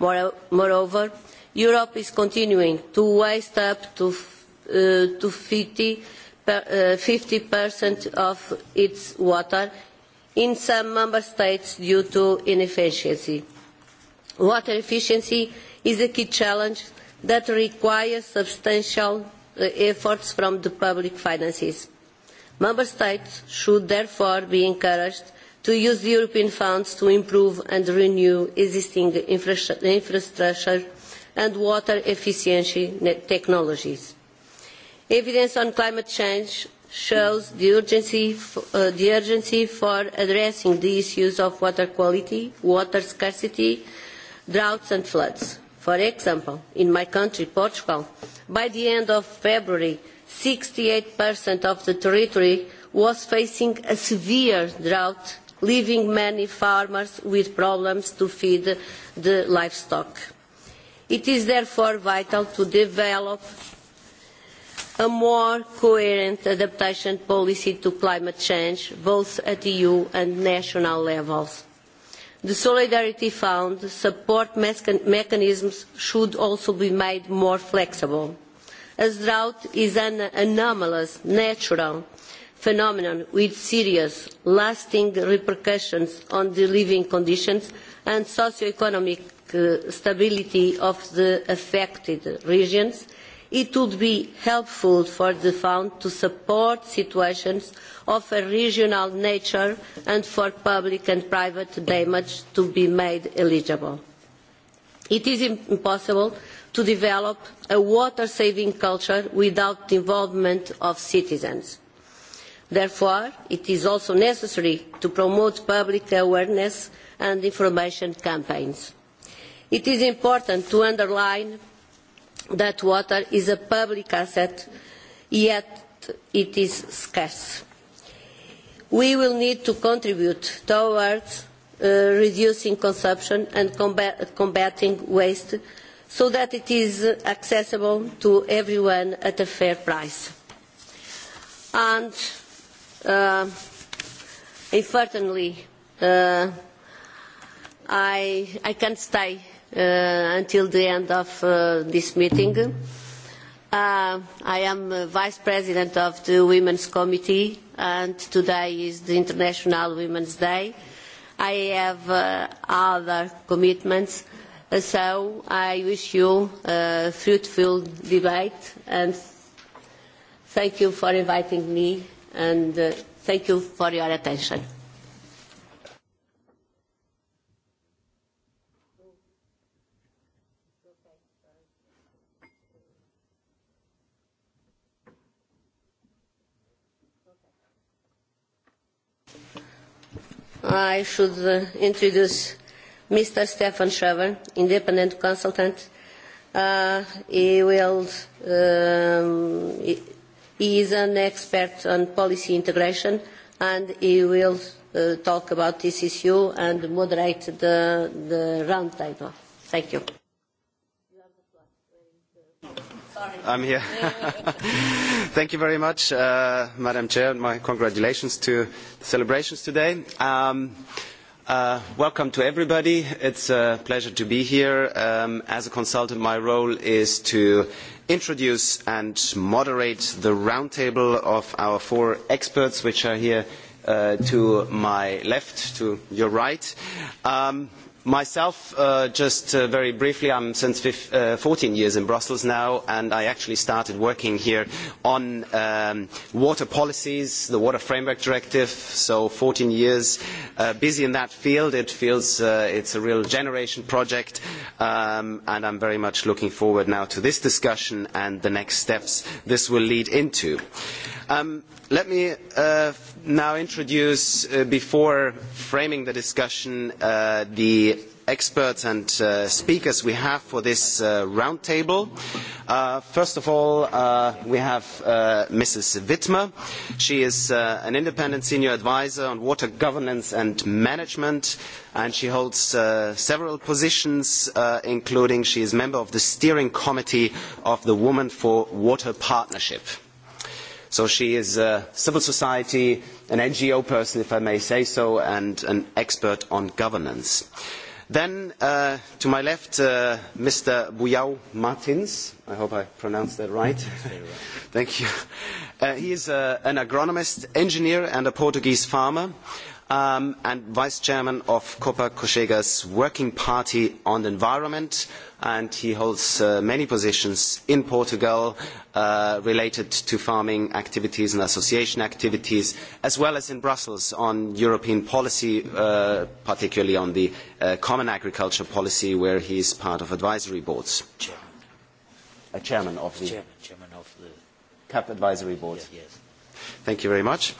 moreover europe is continuing to waste up to uh, fifty uh, of its water in some member states due to inefficiency. water efficiency is a key challenge that requires substantial uh, efforts from the public finances. member states should therefore be encouraged to use the european funds to improve and renew existing infrastructure and water efficiency technologies. evidence on climate change shows the urgency, uh, the urgency for addressing the issues of water quality, water scarcity, droughts and floods. For example, in my country, Portugal, by the end of February, 68% of the territory was facing a severe drought leaving many farmers with problems to feed the livestock. It is therefore vital to develop a more coherent adaptation policy to climate change, both at EU and national levels. The Solidarity Fund support mechanisms should also be made more flexible. As drought is an anomalous natural phenomenon with serious lasting repercussions on the living conditions and socioeconomic uh, stability of the affected regions it would be helpful for the fund to support situations of a regional nature and for public and private damage to be made eligible. It is impossible to develop a water saving culture without the involvement of citizens therefore it is also necessary to promote public awareness and information campaigns. it is important to underline that water is a public asset yet it is scarce. we will need to contribute towards uh, reducing consumption and combat, combating waste so that it is accessible to everyone at a fair price. And uh, unfortunately, uh, I, I can't stay uh, until the end of uh, this meeting. Uh, I am uh, Vice President of the Women's Committee, and today is the International Women's Day. I have uh, other commitments, uh, so I wish you a fruitful debate, and thank you for inviting me and uh, thank you for your attention. I should uh, introduce Mr. Stefan Schrever, independent consultant. Uh, he will um, he, he is an expert on policy integration and he will uh, talk about this issue and moderate the, the round table. Thank you. I'm here. Thank you very much, uh, Madam Chair. My congratulations to the celebrations today. Um, uh, welcome to everybody. It's a pleasure to be here. Um, as a consultant, my role is to introduce and moderate the round table of our four experts which are here uh, to my left to your right um, Myself, uh, just uh, very briefly, I'm since fif- uh, 14 years in Brussels now, and I actually started working here on um, water policies, the Water Framework Directive. So 14 years uh, busy in that field. It feels uh, it's a real generation project, um, and I'm very much looking forward now to this discussion and the next steps this will lead into. Um, let me uh, now introduce uh, before framing the discussion uh, the experts and uh, speakers we have for this uh, round table. Uh, first of all, uh, we have uh, Mrs. Wittmer. She is uh, an independent senior advisor on water governance and management, and she holds uh, several positions, uh, including she is member of the steering committee of the Woman for Water Partnership. So she is a civil society, an NGO person, if I may say so, and an expert on governance. Then, uh, to my left, uh, Mr. Buyao Martins. I hope I pronounced that right. Thank you. Uh, he is a, uh, an agronomist, engineer, and a Portuguese farmer, um, and vice chairman of Copa Cochega's Working Party on Environment, and he holds uh, many positions in Portugal uh, related to farming activities and association activities, as well as in Brussels on European policy, uh, particularly on the uh, common agriculture policy, where he is part of advisory boards. Chairman. A chairman of the, chairman, chairman of the... CAP advisory board. Yeah, yes. Thank you very much.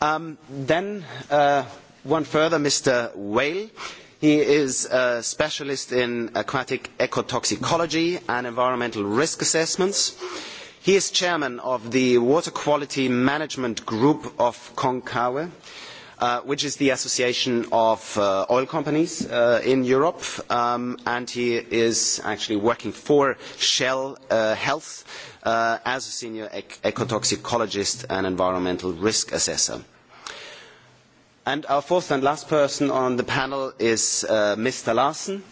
Um, then, uh, one further, Mr. Whale. Yeah. He is a specialist in aquatic ecotoxicology and environmental risk assessments. He is chairman of the Water Quality Management Group of Konkawe, uh, which is the association of uh, oil companies uh, in Europe. Um, and he is actually working for Shell uh, Health uh, as a senior ec- ecotoxicologist and environmental risk assessor our fourth and last person on the panel is uh, Mr. Larsen.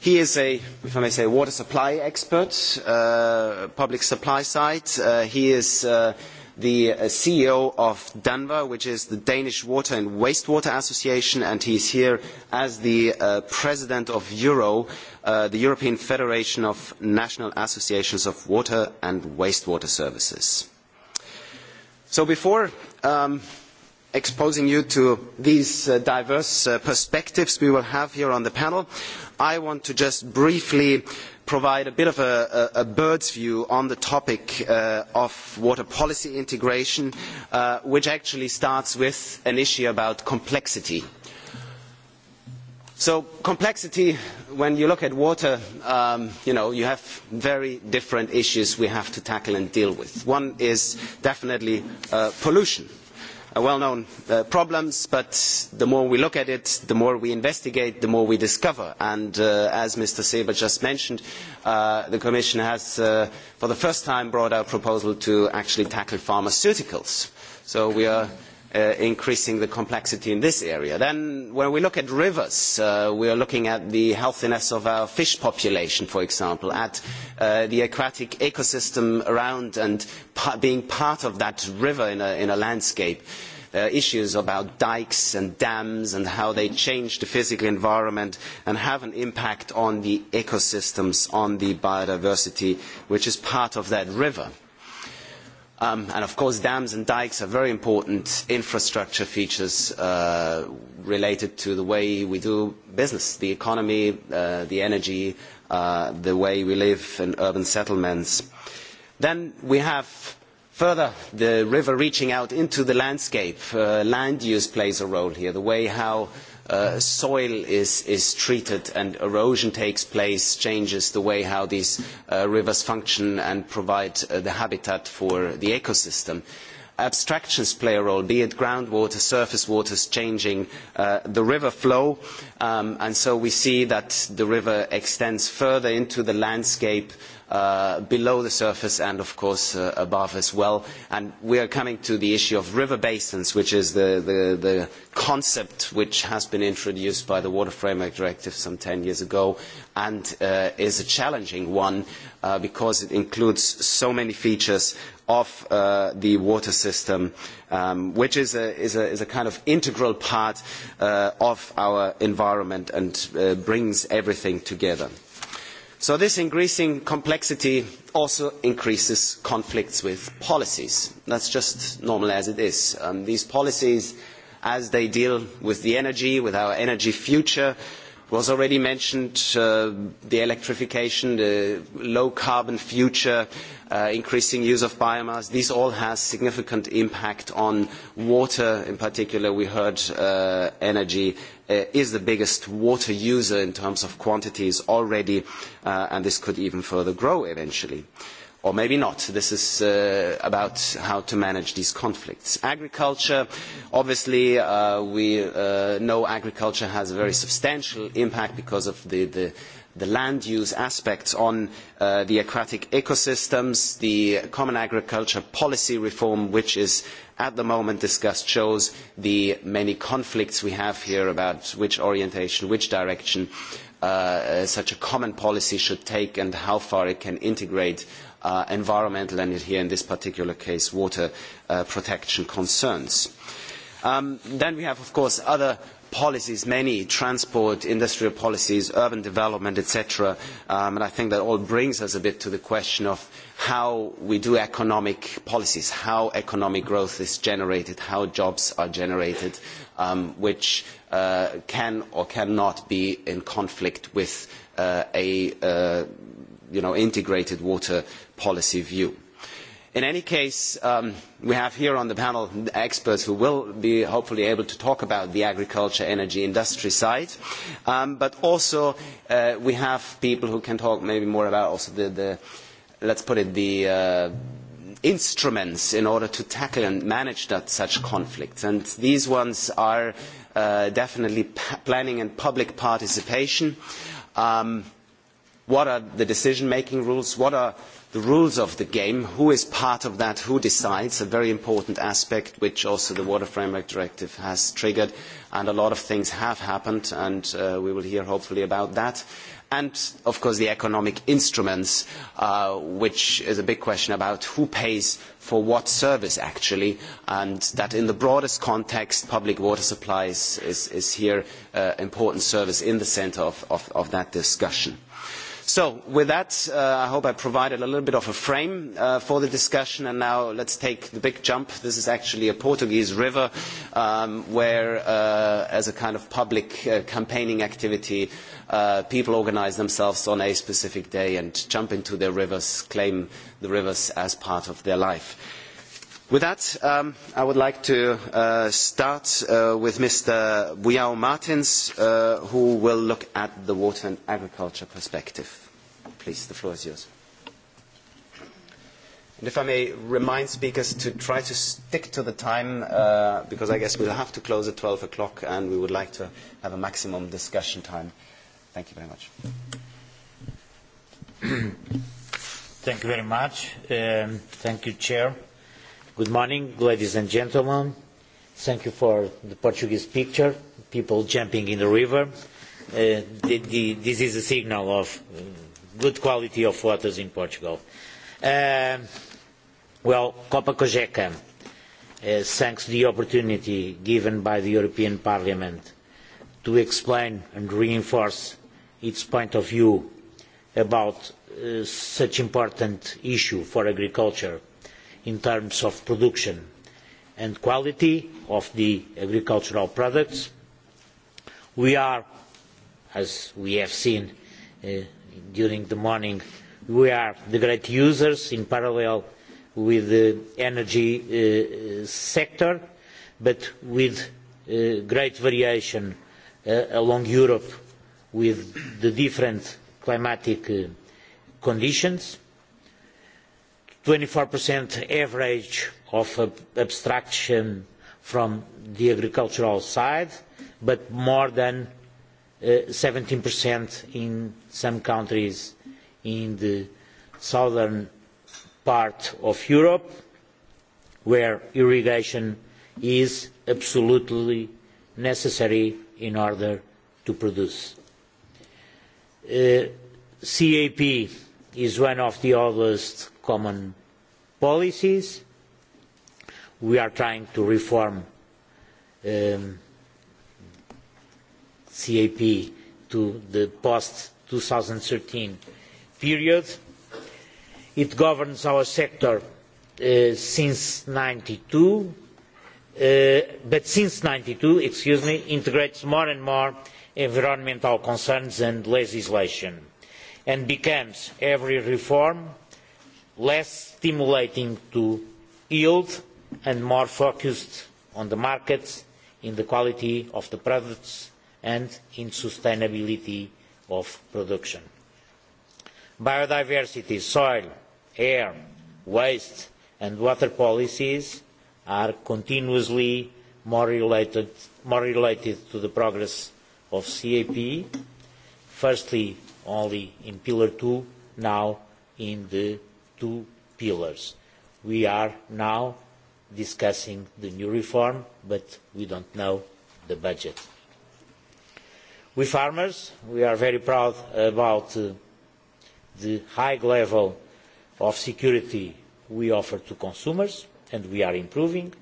He is a, if I may say, water supply expert, uh, public supply site. Uh, he is uh, the uh, CEO of Denver, which is the Danish Water and Wastewater Association, and he is here as the uh, president of Euro, uh, the European Federation of National Associations of Water and Wastewater Services. So before... Um, exposing you to these uh, diverse uh, perspectives we will have here on the panel. I want to just briefly provide a bit of a, a, a bird's view on the topic uh, of water policy integration, uh, which actually starts with an issue about complexity. So complexity, when you look at water, um, you know, you have very different issues we have to tackle and deal with. One is definitely uh, pollution. Uh, well known uh, problems, but the more we look at it, the more we investigate, the more we discover. And uh, as Mr. Seber just mentioned, uh, the Commission has, uh, for the first time, brought out a proposal to actually tackle pharmaceuticals. So we are. Uh, Uh, increasing the complexity in this area. Then, when we look at rivers, uh, we are looking at the healthiness of our fish population, for example, at uh, the aquatic ecosystem around and par- being part of that river in a, in a landscape. There uh, are issues about dikes and dams and how they change the physical environment and have an impact on the ecosystems, on the biodiversity, which is part of that river. Um, and of course, dams and dikes are very important infrastructure features uh, related to the way we do business, the economy, uh, the energy, uh, the way we live in urban settlements. Then we have further the river reaching out into the landscape. Uh, land use plays a role here, the way how uh, soil is, is treated and erosion takes place changes the way how these uh, rivers function and provide uh, the habitat for the ecosystem. Abstractions play a role, be it groundwater, surface waters changing uh, the river flow. Um, and so we see that the river extends further into the landscape Uh, below the surface and of course uh, above as well. And we are coming to the issue of river basins, which is the, the, the concept which has been introduced by the Water Framework Directive some 10 years ago and uh, is a challenging one uh, because it includes so many features of uh, the water system, um, which is a, is, a, is a kind of integral part uh, of our environment and uh, brings everything together. So this increasing complexity also increases conflicts with policies. That's just normal as it is. Um, these policies, as they deal with the energy, with our energy future, was already mentioned uh, the electrification, the low carbon future, uh, increasing use of biomass. This all has significant impact on water. In particular, we heard uh, energy uh, is the biggest water user in terms of quantities already, uh, and this could even further grow eventually. Uh, or maybe not. This is uh, about how to manage these conflicts. Agriculture, obviously, uh, we uh, know agriculture has a very substantial impact because of the, the, the land use aspects on uh, the aquatic ecosystems. The Common Agriculture Policy Reform, which is at the moment discussed, shows the many conflicts we have here about which orientation, which direction uh, such a common policy should take and how far it can integrate uh, environmental and here in this particular case water uh, protection concerns. Um, then we have of course other policies, many transport, industrial policies, urban development, etc. Um, and I think that all brings us a bit to the question of how we do economic policies, how economic growth is generated, how jobs are generated, um, which uh, can or cannot be in conflict with uh, a uh, you know, integrated water policy view. In any case, um, we have here on the panel experts who will be hopefully able to talk about the agriculture, energy, industry side. Um, but also, uh, we have people who can talk maybe more about also the, the let's put it, the uh, instruments in order to tackle and manage that, such conflicts. And these ones are uh, definitely p- planning and public participation. Um, what are the decision-making rules, what are the rules of the game, who is part of that, who decides, a very important aspect which also the Water Framework Directive has triggered, and a lot of things have happened, and uh, we will hear hopefully about that. And, of course, the economic instruments, uh, which is a big question about who pays for what service, actually, and that in the broadest context, public water supplies is, is here uh, important service in the center of, of, of that discussion. With that, uh, I hope I provided a little bit of a frame uh, for the discussion, and now let's take the big jump. This is actually a Portuguese river, um, where, uh, as a kind of public campaigning activity, people organize themselves on a specific day and jump into their rivers, claim the rivers as part of their life. With that, um, I would like to uh, start uh, with Mr. Buyao Martins, uh, who will look at the water and agriculture perspective. Please, the floor is yours. And if I may remind speakers to try to stick to the time, uh, because I guess we'll have to close at 12 o'clock, and we would like to have a maximum discussion time. Thank you very much. Thank you very much. Um, thank you, Chair. Good morning, ladies and gentlemen. Thank you for the Portuguese picture, people jumping in the river. Uh, this is a signal of uh, good quality of waters in Portugal. Uh, well, Copa Cogeca, uh, thanks to the opportunity given by the European Parliament to explain and reinforce its point of view about uh, such important issue for agriculture in terms of production and quality of the agricultural products. We are, as we have seen uh, during the morning, we are the great users in parallel with the energy uh, sector, but with uh, great variation uh, along Europe with the different climatic uh, conditions. 24% average of abstraction from the agricultural side, but more than 17% uh, in some countries in the southern part of Europe, where irrigation is absolutely necessary in order to produce. Uh, CAP is is one of the oldest common policies. We are trying to reform um, CAP to the post 2013 period. It governs our sector uh, since 92, uh, but since 92, excuse me, integrates more and more environmental concerns and legislation and becomes every reform less stimulating to yield and more focused on the markets in the quality of the products and in sustainability of production. Biodiversity, soil, air, waste and water policies are continuously more related, more related to the progress of CAP. Firstly, only in pillar 2, now in the two pillars. We are now discussing the new reform, but we don't know the budget. We farmers, we are very proud about uh, the high level of security we offer to consumers, and we are improving,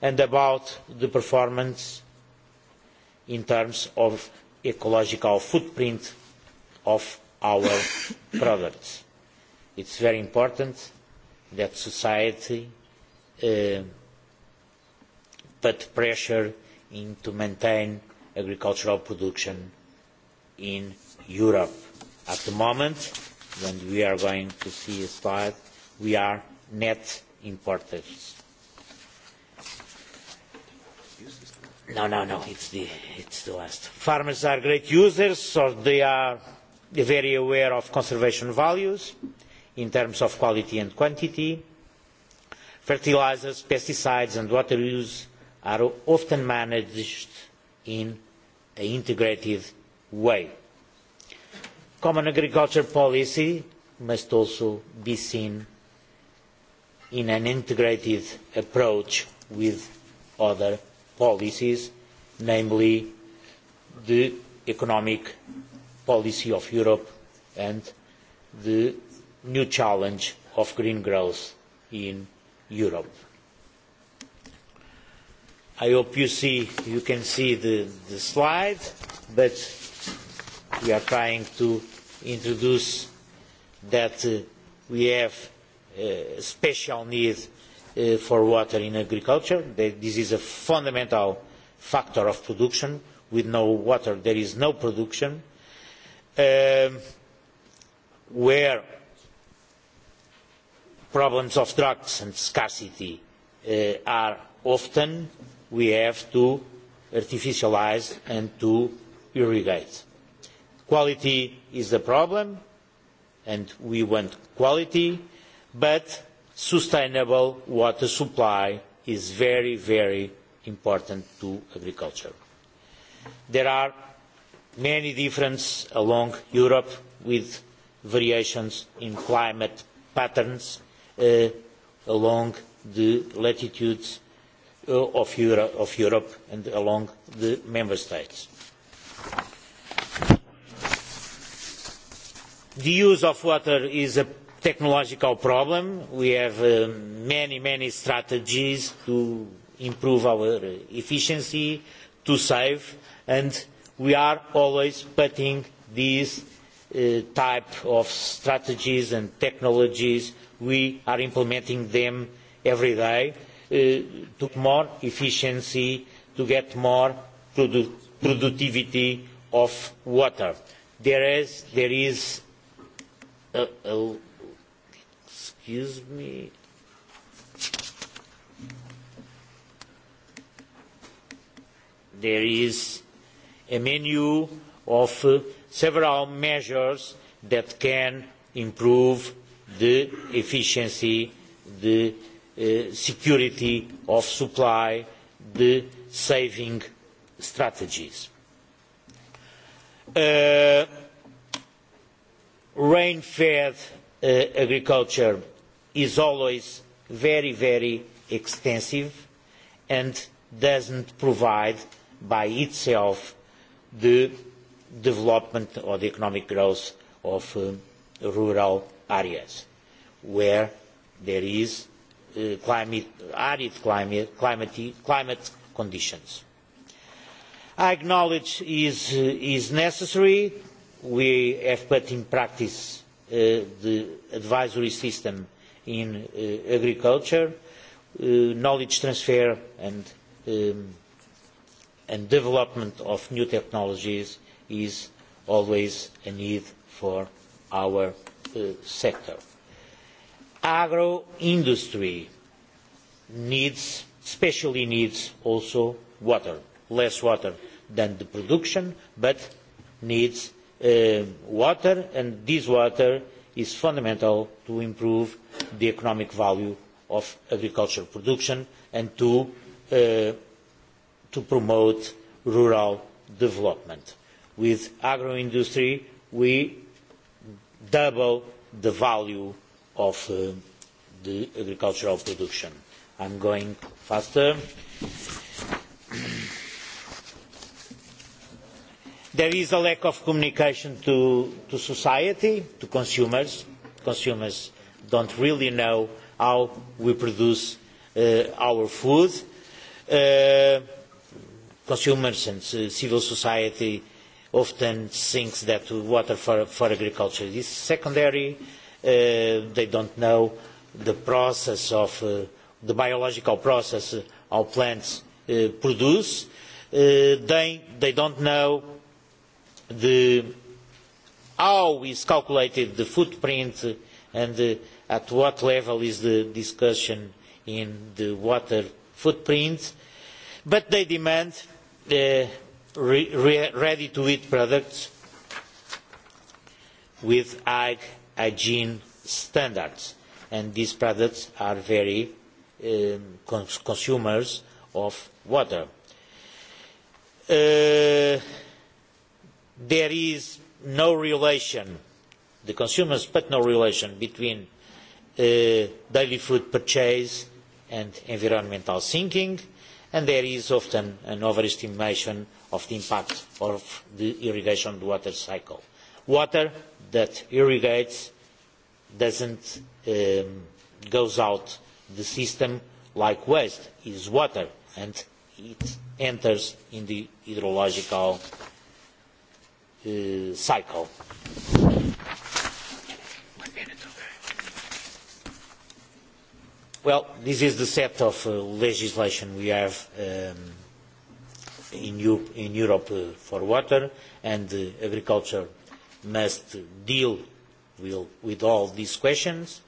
and about the performance in terms of ecological footprint of our products. It's very important that society uh, put pressure in to maintain agricultural production in Europe. At the moment, when we are going to see a slide, we are net importers. No, no, no, it's the, it's the last. Farmers are great users, so they are very aware of conservation values in terms of quality and quantity. Fertilizers, pesticides and water use are often managed in an integrated way. Common agriculture policy must also be seen in an integrated approach with other policies, namely the economic policy of Europe and the new challenge of green growth in Europe. I hope you see you can see the, the slide, but we are trying to introduce that uh, we have a uh, special need uh, for water in agriculture, that this is a fundamental factor of production. With no water, there is no production uh, where problems of drugs and scarcity uh, are often, we have to artificialize and to irrigate. Quality is the problem, and we want quality, but sustainable water supply is very, very important to agriculture. There are many differences along Europe with variations in climate patterns uh, along the latitudes uh, of, Euro of Europe and along the Member States. The use of water is a technological problem. We have uh, many, many strategies to improve our efficiency, to save, and we are always putting these uh, type of strategies and technologies, we are implementing them every day uh, to get more efficiency, to get more produ productivity of water. There is, there is a, uh, a, excuse me, there is a menu of uh, several measures that can improve the efficiency, the uh, security of supply, the saving strategies. Uh, rain-fed uh, agriculture is always very, very extensive and doesn't provide by itself de development or the economic growth of uh, rural areas where there is uh, climate, arid climate, climate, climate conditions. I acknowledge is, uh, is necessary. We have put in practice uh, the advisory system in uh, agriculture, uh, knowledge transfer and um, and development of new technologies is always a need for our uh, sector. Agro industry needs, especially needs also water, less water than the production, but needs uh, water, and this water is fundamental to improve the economic value of agriculture production and to uh, to promote rural development. With agro industry, we double the value of uh, the agricultural production. I'm going faster. there is a lack of communication to, to society, to consumers. Consumers don't really know how we produce uh, our food. Uh, consumers and uh, civil society often thinks that water for, for agriculture is secondary. Uh, they don't know the process of uh, the biological process our plants uh, produce. Uh, they, they don't know the, how is calculated the footprint and uh, at what level is the discussion in the water footprint. But they demand uh, re ready to eat products with high hygiene standards. And these products are very um, cons consumers of water. Uh, there is no relation, the consumers, but no relation between uh, daily food purchase and environmental thinking and there is often an overestimation of the impact of the irrigation water cycle. Water that irrigates doesn't um, goes out the system like waste is water and it enters in the hydrological uh, cycle. Well, this is the set of uh, legislation we have um, in, U- in Europe uh, for water, and uh, agriculture must deal with, with all these questions.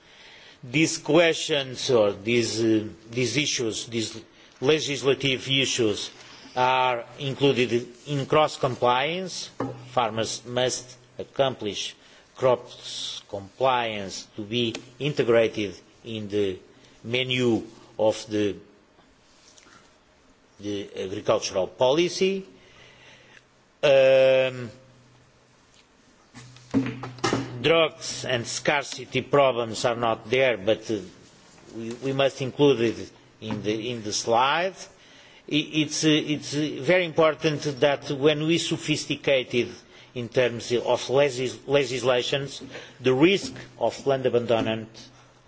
These questions or these, uh, these issues, these legislative issues, are included in cross compliance. Farmers must accomplish crops compliance to be integrated in the menu of the, the agricultural policy. Um, drugs and scarcity problems are not there, but uh, we, we must include it in the, in the slide. It's, uh, it's uh, very important that when we sophisticated in terms of legis- legislations, the risk of land abandonment,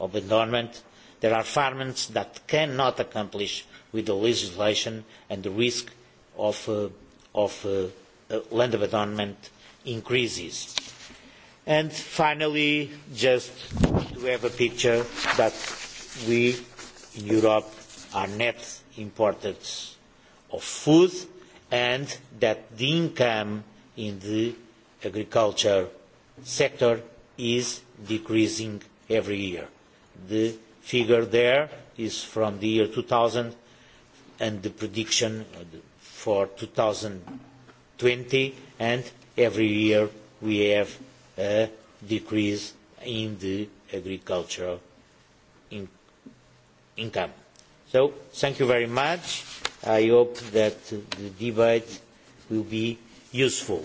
abandonment there are farmers that cannot accomplish with the legislation and the risk of, uh, of uh, uh, land abandonment increases. And finally, just to have a picture that we in Europe are net importers of food and that the income in the agriculture sector is decreasing every year. The figure there is from the year 2000, and the prediction uh, for 2020, and every year we have a decrease in the agricultural in income. So, thank you very much. I hope that the debate will be useful.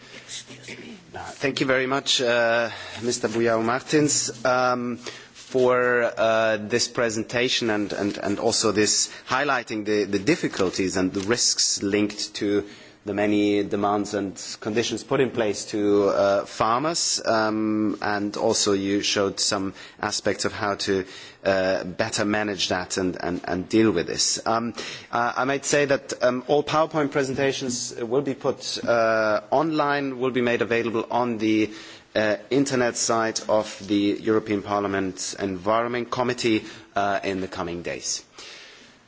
Excuse me. Thank you very much, uh, Mr. Buyao-Martins, um, for uh, this presentation and also this highlighting the difficulties and the risks linked to the many demands and conditions put in place to uh, farmers, um, and also you showed some aspects of how to uh, better manage that and, and, and deal with this. Um, uh, I might say that um, all PowerPoint presentations will be put uh, online, will be made available on the uh, internet site of the European Parliament Environment Committee uh, in the coming days.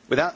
With that,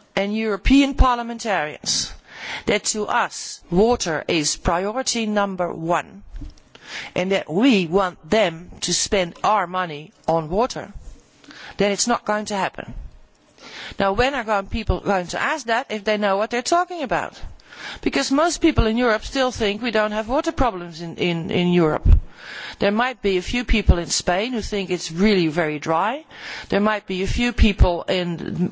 and european parliamentarians that to us water is priority number one and that we want them to spend our money on water then it is not going to happen. now when are people going to ask that if they know what they are talking about? because most people in europe still think we do not have water problems in, in, in europe. there might be a few people in spain who think it is really very dry. there might be a few people in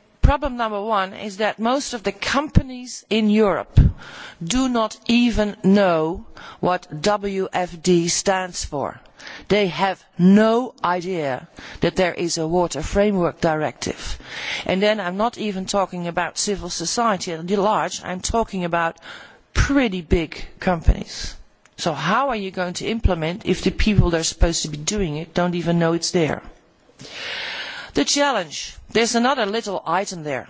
problem number one is that most of the companies in europe do not even know what wfd stands for. they have no idea that there is a water framework directive and then i am not even talking about civil society at large i am talking about pretty big companies. so how are you going to implement it if the people who are supposed to be doing it do not even know that it is there? the challenge there is another little item there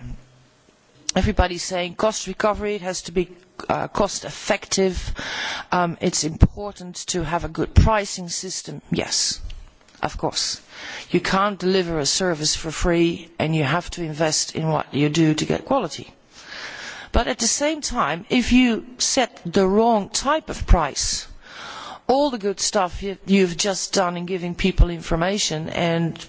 everybody is saying cost recovery it has to be uh, cost effective um, it is important to have a good pricing system yes of course you can't deliver a service for free and you have to invest in what you do to get quality but at the same time if you set the wrong type of price all the good stuff you've just done in giving people information and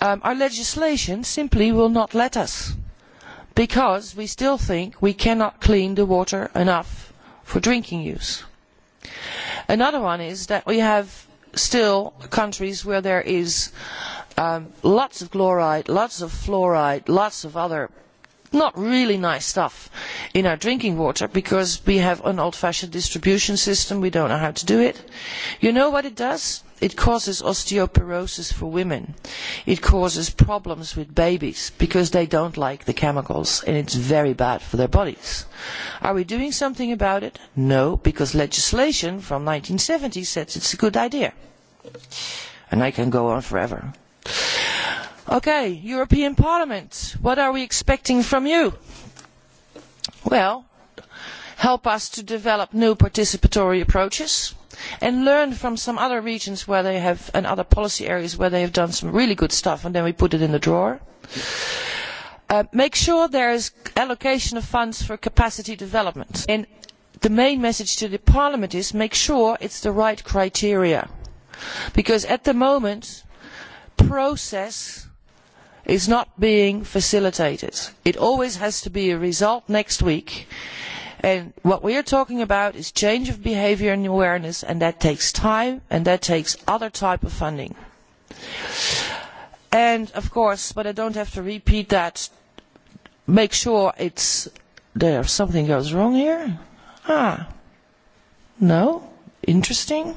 Um, our legislation simply will not let us because we still think we cannot clean the water enough for drinking use. Another one is that we have still countries where there is um, lots of chloride, lots of fluoride, lots of other not really nice stuff in our drinking water because we have an old-fashioned distribution system. We don't know how to do it. You know what it does? it causes osteoporosis for women. It causes problems with babies because they don't like the chemicals and it's very bad for their bodies. Are we doing something about it? No, because legislation from 1970 says it's a good idea. And I can go on forever. Okay, European Parliament, what are we expecting from you? Well, help us to develop new participatory approaches and learn from some other regions where they have and other policy areas where they have done some really good stuff and then we put it in the drawer. Uh, make sure there is allocation of funds for capacity development. And the main message to the Parliament is make sure it's the right criteria. Because at the moment, process is not being facilitated. It always has to be a result next week what we are talking about is change of behaviour and awareness and that takes time and that takes other types of funding. and of course but i do not have to repeat that make sure it's there if something goes wrong here. ah no interesting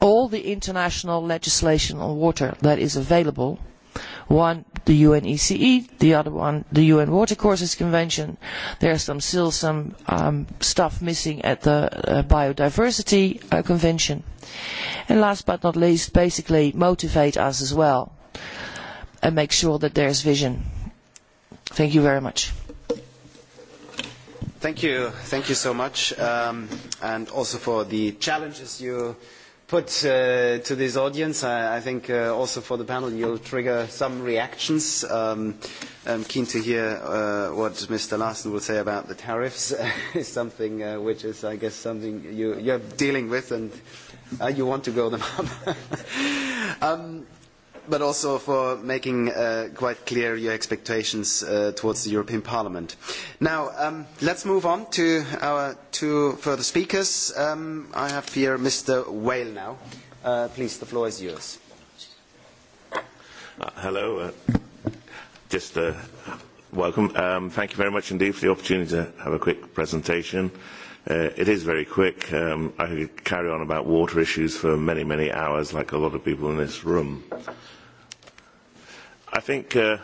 all the international legislation on water that is available one the UN ECE, the other one the UN Water Courses Convention. There is some, still some um, stuff missing at the uh, Biodiversity uh, Convention. And last but not least, basically motivate us as well and make sure that there is vision. Thank you very much. Thank you. Thank you so much. Um, and also for the challenges you put uh, to this audience. I, I think uh, also for the panel, you'll trigger some reactions. Um, I'm keen to hear uh, what Mr. Larson will say about the tariffs. Is something uh, which is, I guess, something you, you're dealing with, and uh, you want to go them up. um, but also for making uh, quite clear your expectations uh, towards the European Parliament. Now, um, let's move on to our two further speakers. Um, I have here Mr. Whale now. Uh, please, the floor is yours. Uh, hello. Uh, just uh, welcome. Um, thank you very much indeed for the opportunity to have a quick presentation. Uh, it is very quick. Um, I could carry on about water issues for many, many hours, like a lot of people in this room. I think uh,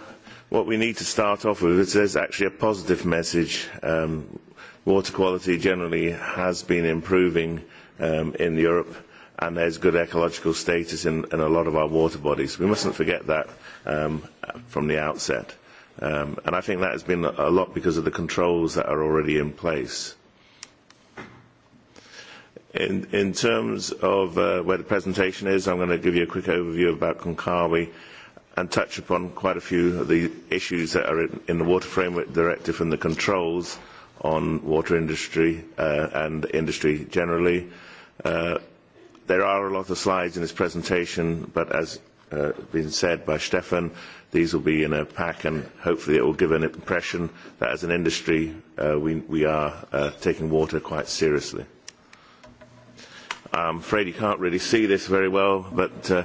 what we need to start off with is there's actually a positive message. Um, water quality generally has been improving um, in Europe, and there's good ecological status in, in a lot of our water bodies. We mustn't forget that um, from the outset. Um, and I think that has been a lot because of the controls that are already in place. In, in terms of uh, where the presentation is, I'm going to give you a quick overview about Konkawi and touch upon quite a few of the issues that are in, in the Water Framework Directive and the controls on water industry uh, and industry generally. Uh, there are a lot of slides in this presentation, but as has uh, been said by Stefan, these will be in a pack and hopefully it will give an impression that as an industry uh, we, we are uh, taking water quite seriously. I'm um, afraid you can't really see this very well, but uh,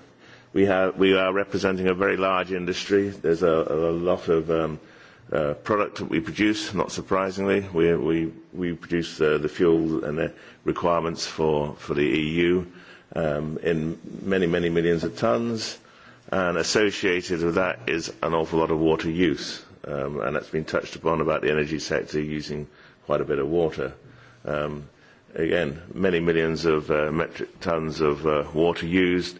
We are representing a very large industry. There's a lot of um, uh, product that we produce, not surprisingly. We produce uh, the fuel and the requirements for the EU um, in many millions of tons. Associated with that is an awful lot of water use. Um, that's been touched upon about the energy sector using quite a bit of water. Again, many millions of uh, metric tons of water used,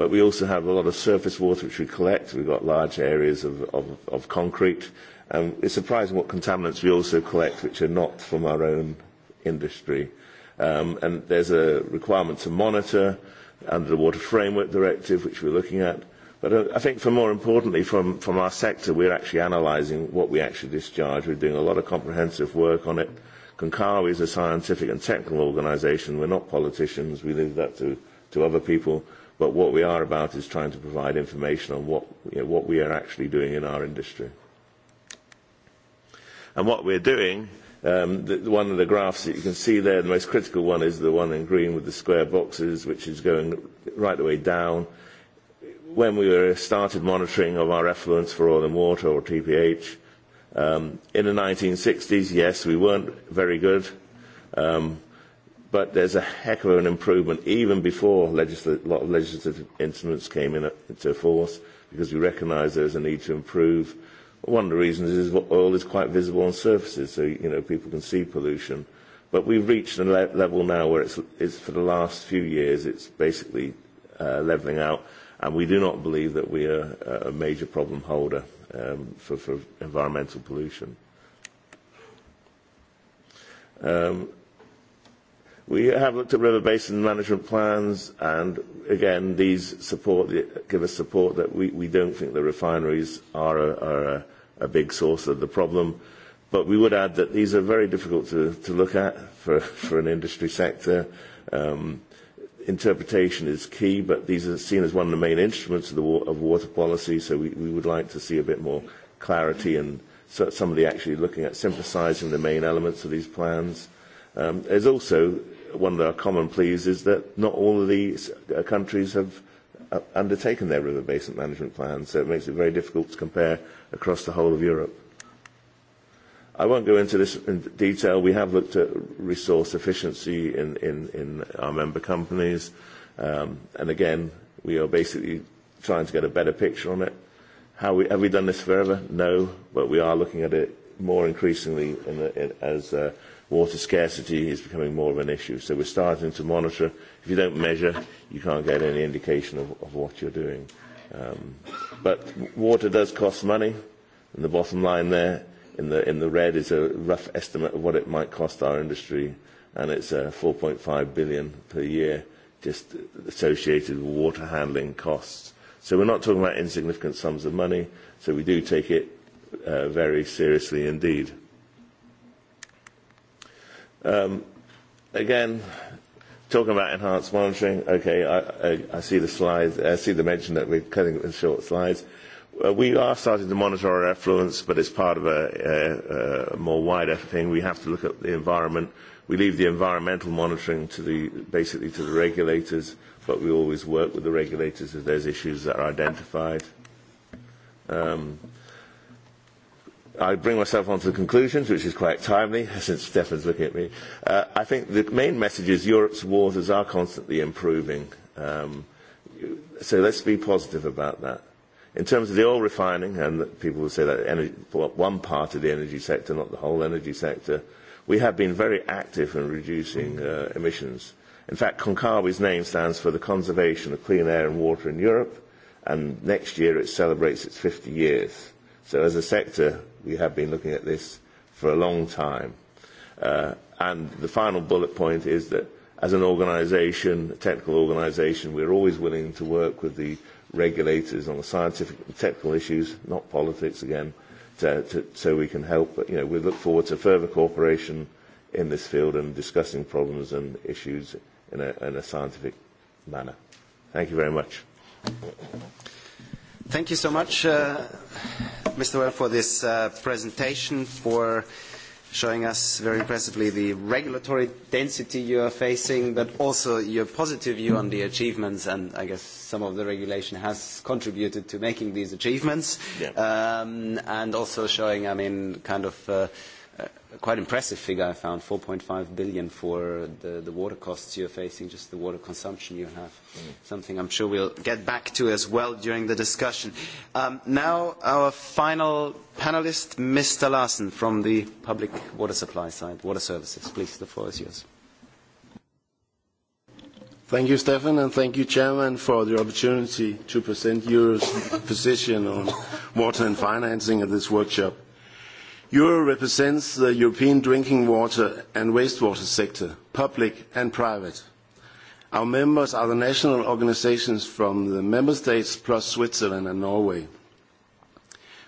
but we also have a lot of surface water which we collect. We've got large areas of, of, of concrete. Um, it's surprising what contaminants we also collect which are not from our own industry. Um, and there's a requirement to monitor under the Water Framework Directive, which we're looking at. But uh, I think for more importantly, from, from our sector, we're actually analysing what we actually discharge. We're doing a lot of comprehensive work on it. Concar is a scientific and technical organisation. We're not politicians. We leave that to, to other people but what we are about is trying to provide information on what, you know, what we are actually doing in our industry. And what we're doing, um, the, one of the graphs that you can see there, the most critical one is the one in green with the square boxes, which is going right the way down. When we were started monitoring of our effluents for oil and water, or TPH, um, in the 1960s, yes, we weren't very good. Um, but there's a heck of an improvement even before legislative, a lot of legislative instruments came in, uh, into force because we recognise there's a need to improve. One of the reasons is oil is quite visible on surfaces, so you know, people can see pollution. But we've reached a le- level now where it's, it's for the last few years it's basically uh, levelling out, and we do not believe that we are uh, a major problem holder um, for, for environmental pollution. Um, We have looked at river basin management plans, and again, these support the, give us support that we, we don't think the refineries are, a, are a, a big source of the problem. But we would add that these are very difficult to, to look at for, for an industry sector. Um, interpretation is key, but these are seen as one of the main instruments of, the, of water policy, so we, we would like to see a bit more clarity and so, somebody actually looking at synthesizing the main elements of these plans. Um, there's also one of our common pleas is that not all of these uh, countries have uh, undertaken their river basin management plans, so it makes it very difficult to compare across the whole of Europe. I won't go into this in detail. We have looked at resource efficiency in, in, in our member companies, um, and again, we are basically trying to get a better picture on it. How we, have we done this forever? No, but we are looking at it more increasingly in the, in, as uh, water scarcity is becoming more of an issue. So we're starting to monitor. If you don't measure, you can't get any indication of, of what you're doing. Um, but water does cost money, and the bottom line there in the, in the red is a rough estimate of what it might cost our industry, and it's uh, 4.5 billion per year just associated with water handling costs. So we're not talking about insignificant sums of money, so we do take it uh, very seriously indeed. Um, again, talking about enhanced monitoring, okay, I see the slide. I see the mention that we're cutting it short slides. Uh, we are starting to monitor our effluents, but it's part of a more wider thing. We have to look at the environment. We leave the environmental monitoring to the, basically to the regulators, but we always work with the regulators if there's issues that are identified. Um, I bring myself on to the conclusions, which is quite timely, since Stefan's looking at me. Uh, I think the main message is Europe's waters are constantly improving. Um, so let's be positive about that. In terms of the oil refining, and people will say that energy, one part of the energy sector, not the whole energy sector, we have been very active in reducing uh, emissions. In fact, CONCAVI's name stands for the Conservation of Clean Air and Water in Europe, and next year it celebrates its 50 years. So as a sector, We have been looking at this for a long time. Uh, and the final bullet point is that as an organization, a technical organization, we're always willing to work with the regulators on the scientific and technical issues, not politics again, to, to, so we can help. But, you know, we look forward to further cooperation in this field and discussing problems and issues in a, in a scientific manner. Thank you very much. Thank you. Thank you so much, uh, Mr. Well, for this uh, presentation, for showing us very impressively the regulatory density you are facing, but also your positive view on the achievements, and I guess some of the regulation has contributed to making these achievements, yeah. um, and also showing, I mean, kind of. Uh, quite impressive figure I found, 4.5 billion for the, the water costs you're facing, just the water consumption you have, mm. something I'm sure we'll get back to as well during the discussion. Um, now our final panelist, Mr. Larsen from the public water supply side, water services. Please, the floor is yours. Thank you, Stefan, and thank you, Chairman, for the opportunity to present your position on water and financing at this workshop ural represents the european drinking water and wastewater sector public and private. our members are the national organisations from the member states plus switzerland and norway.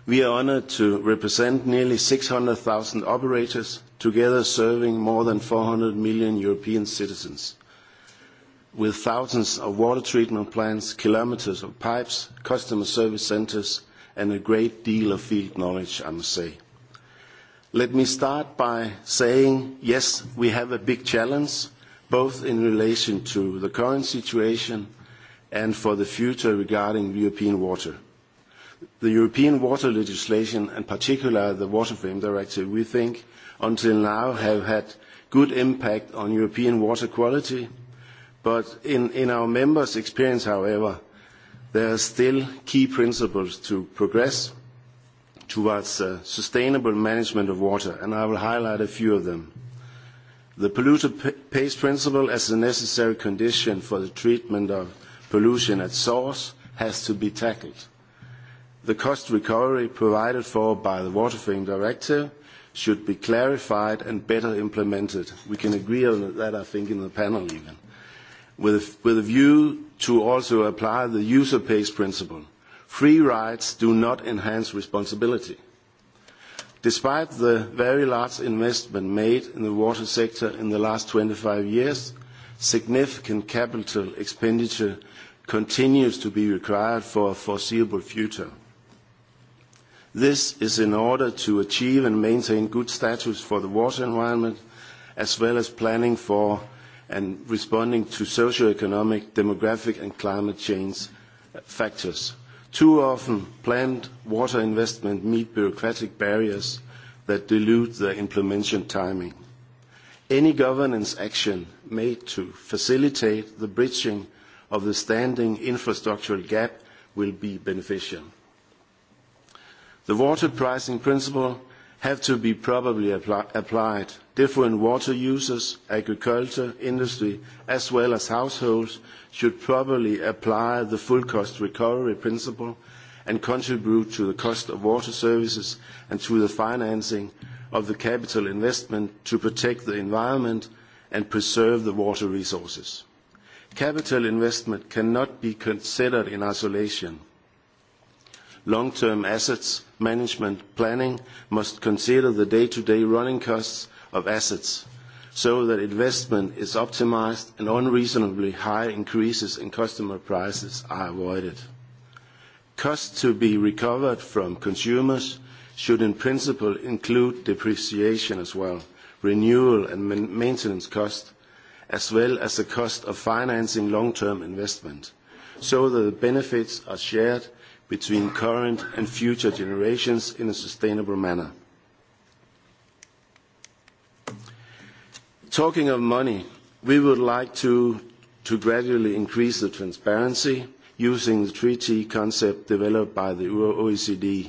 we are honoured to represent nearly 600,000 operators together serving more than 400 million european citizens with thousands of water treatment plants, kilometres of pipes, customer service centres and a great deal of field knowledge, i must say. Let me start by saying, yes, we have a big challenge, both in relation to the current situation and for the future regarding European water. The European water legislation, and particularly the Water Framework Directive, we think until now have had good impact on European water quality. In our members' experience, however, there are still key principles to progress, towards uh, sustainable management of water, and I will highlight a few of them. The polluter pays principle as a necessary condition for the treatment of pollution at source has to be tackled. The cost recovery provided for by the Water Frame Directive should be clarified and better implemented. We can agree on that, I think, in the panel even, with a, with a view to also apply the user pays principle free rides do not enhance responsibility. Despite the very large investment made in the water sector in the last 25 years, significant capital expenditure continues to be required for a foreseeable future. This is in order to achieve and maintain good status for the water environment, as well as planning for and responding to socioeconomic, demographic, and climate change factors. Too often, planned water investment meet bureaucratic barriers that dilute the implementation timing. Any governance action made to facilitate the bridging of the standing infrastructural gap will be beneficial. The water pricing principle have to be probably apply, applied. Different water users, agriculture, industry, as well as households should probably apply the full cost recovery principle and contribute to the cost of water services and to the financing of the capital investment to protect the environment and preserve the water resources. Capital investment cannot be considered in isolation. Long-term assets management planning must consider the day-to-day running costs of assets so that investment is optimized and unreasonably high increases in customer prices are avoided. Costs to be recovered from consumers should, in principle, include depreciation as well, renewal and maintenance cost, as well as the cost of financing long-term investment, so that the benefits are shared between current and future generations in a sustainable manner. Talking of money, we would like to, to gradually increase the transparency using the treaty concept developed by the OECD.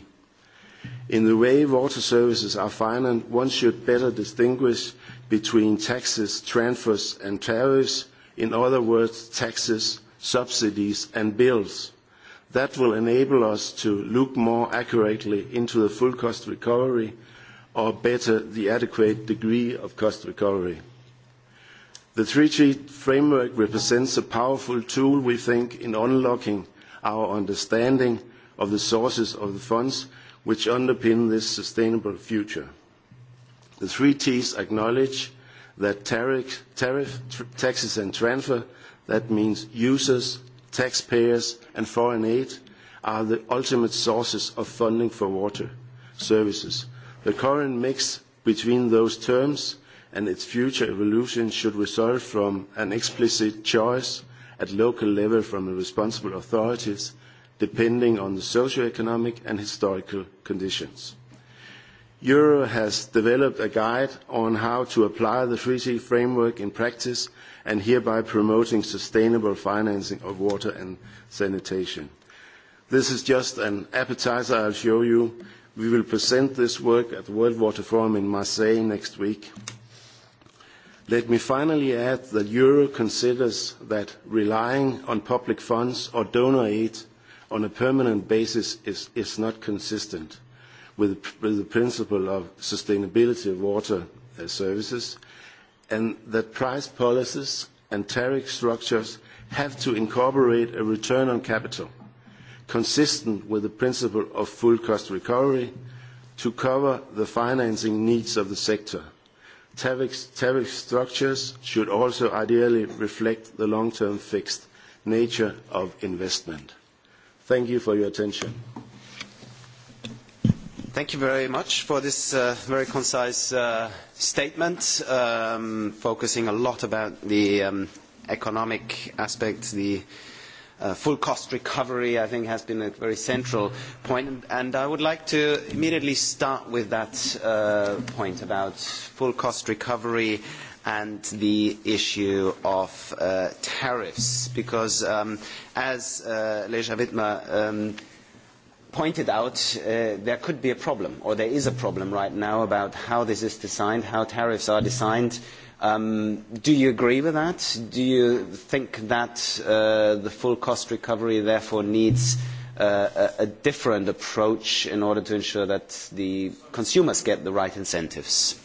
In the way water services are financed, one should better distinguish between taxes, transfers and tariffs, in other words, taxes, subsidies and bills. That will enable us to look more accurately into the full cost recovery or better the adequate degree of cost recovery. The treaty framework represents a powerful tool, we think, in unlocking our understanding of the sources of the funds which underpin this sustainable future. The treaties acknowledge that tariff, taxes and transfer, that means users, taxpayers, and foreign aid are the ultimate sources of funding for water services. The current mix between those terms and its future evolution should result from an explicit choice at local level from the responsible authorities, depending on the socio-economic and historical conditions. Euro has developed a guide on how to apply the treaty framework in practice and hereby promoting sustainable financing of water and sanitation. This is just an appetizer I'll show you. We will present this work at the World Water Forum in Marseille next week. Let me finally add that Euro considers that relying on public funds or donor aid on a permanent basis is not consistent with the principle of sustainability of water uh, services, and that price policies and tariff structures have to incorporate a return on capital consistent with the principle of full cost recovery to cover the financing needs of the sector. Tariff structures should also ideally reflect the long-term fixed nature of investment. Thank you for your attention. Thank you very much for this uh, very concise uh, statement, um, focusing a lot about the um, economic aspect. The uh, full cost recovery, I think, has been a very central point. And I would like to immediately start with that uh, point about full cost recovery and the issue of uh, tariffs, because um, as uh, Leja Wittmer um, pointed out uh, there could be a problem, or there is a problem right now about how this is designed, how tariffs are designed. Um, do you agree with that? Do you think that uh, the full cost recovery therefore needs uh, a, a different approach in order to ensure that the consumers get the right incentives?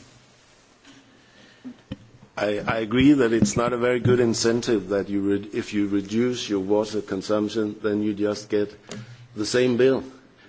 I, I agree that it's not a very good incentive that you re- if you reduce your water consumption, then you just get the same bill.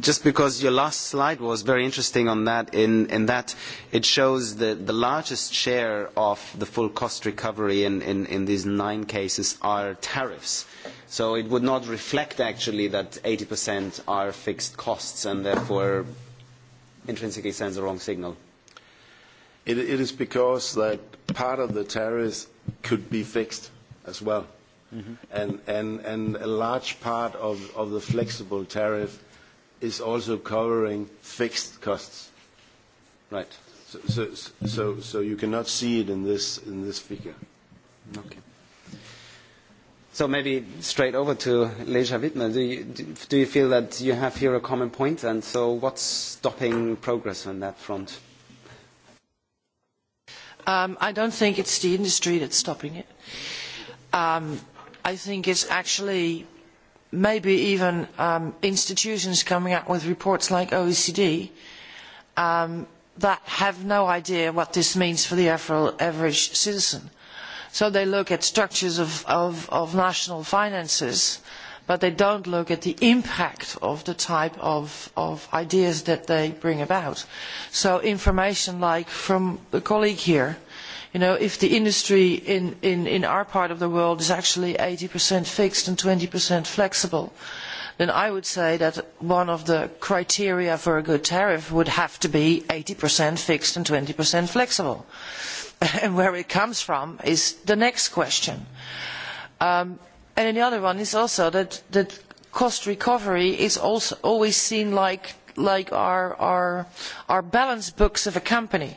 just because your last slide was very interesting on that, in, in that it shows that the largest share of the full cost recovery in, in, in these nine cases are tariffs. So it would not reflect actually that 80% are fixed costs and therefore intrinsically sends the wrong signal. It, it is because that part of the tariffs could be fixed as well. Mm-hmm. And, and, and a large part of, of the flexible tariff is also covering fixed costs. Right. So you cannot see it in this figure. Okay. So maybe straight over to Leiv Widmer. Do you feel that you have here a common point? And so what's stopping progress on that front? Um, I don't think it's the industry that's stopping it. Um, I think it's actually maybe even um, institutions coming out with reports like OECD um, that have no idea what this means for the average citizen. So they look at structures of, of, of national finances, but they don't look at the impact of the type of, of ideas that they bring about. So information like from the colleague here, if the industry in our part of the world is actually eighty fixed and twenty flexible then i would say that one of the criteria for a good tariff would have to be eighty fixed and twenty flexible and where it comes from is the next question. Um, and the other one is also that cost recovery is always seen like our balance books of a company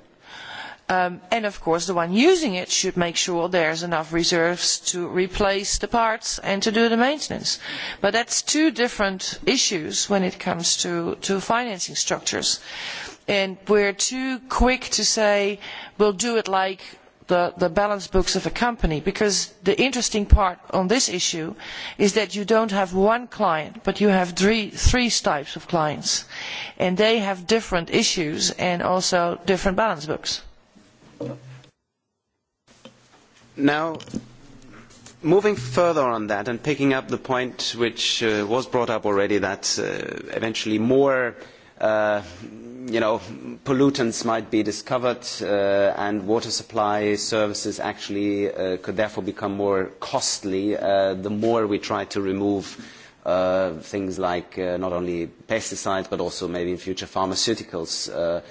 Um, and of course the one using it should make sure there are enough reserves to replace the parts and to do the maintenance. but that is two different issues when it comes to financing structures and we are too quick to say we will do it like the balance books of a company because the interesting part on this issue is that you do not have one client but you have three types of clients and they have different issues and also different balance books. Now, moving further on that and picking up the point which uh, was brought up already that uh, eventually more uh, you know, pollutants might be discovered uh, and water supply services actually uh, could therefore become more costly uh, the more we try to remove uh, things like uh, not only pesticides but also maybe in future pharmaceuticals. Uh,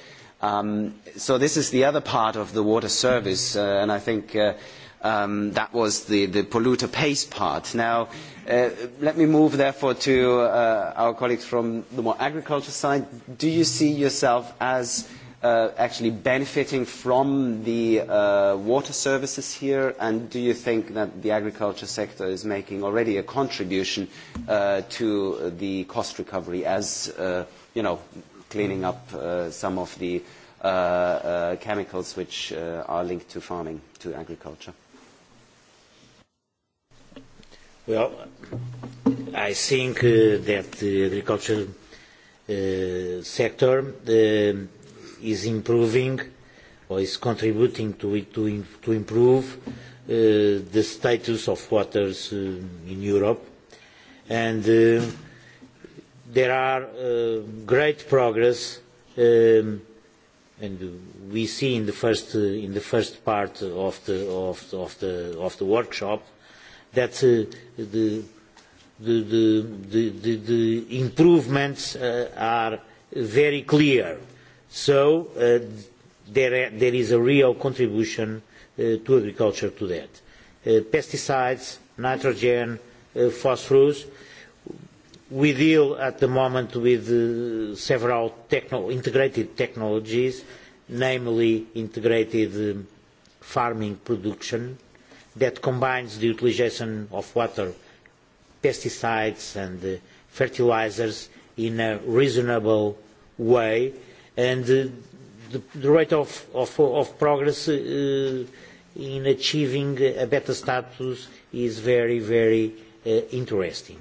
Um, so this is the other part of the water service, uh, and I think uh, um, that was the, the polluter pays part. Now, uh, let me move therefore to uh, our colleagues from the more agriculture side. Do you see yourself as uh, actually benefiting from the uh, water services here, and do you think that the agriculture sector is making already a contribution uh, to the cost recovery as, uh, you know, cleaning up uh, some of the uh, uh, chemicals which uh, are linked to farming, to agriculture. Well, I think uh, that the agriculture uh, sector uh, is improving or is contributing to, it to, in, to improve uh, the status of waters uh, in Europe. And uh, there are uh, great progress um, and we see in the first uh, in the first part of the of the of the, of the workshop that uh, the, the the the the improvements uh, are very clear so uh, there there is a real contribution uh, to agriculture to that uh, pesticides nitrogen uh, phosphorus uh, we deal at the moment with uh, several techno- integrated technologies, namely integrated um, farming production that combines the utilization of water, pesticides and uh, fertilizers in a reasonable way. and uh, the, the rate of, of, of progress uh, in achieving a better status is very, very uh, interesting.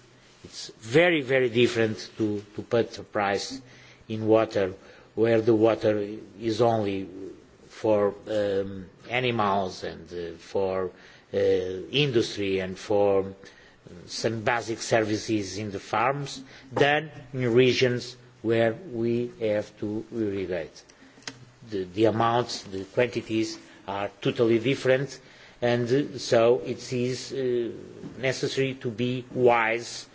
it's very, very different to, to put the price in water where the water is only for um, animals and uh, for uh, industry and for um, some basic services in the farms than in regions where we have to irrigate. The, the amounts, the quantities are totally different and so it is uh, necessary to be wise uh,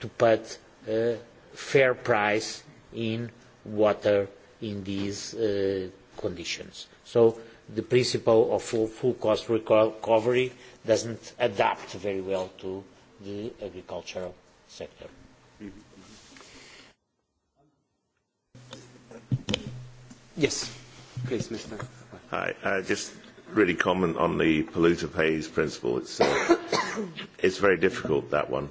to put a fair price in water in these uh, conditions. So the principle of full, full cost recovery doesn't adapt very well to the agricultural sector. Yes, please, Mr. Hi, uh, just really comment on the polluter pays principle. It's, uh, it's very difficult, that one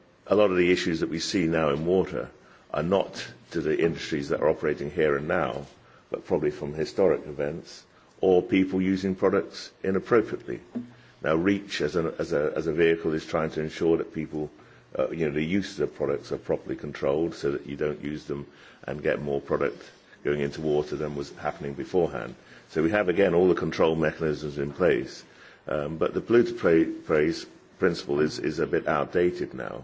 a lot of the issues that we see now in water are not to the industries that are operating here and now, but probably from historic events or people using products inappropriately. Now, REACH as a, as a, as a vehicle is trying to ensure that people, uh, you know, the use of the products are properly controlled so that you don't use them and get more product going into water than was happening beforehand. So we have, again, all the control mechanisms in place. Um, but the polluter praise principle is, is a bit outdated now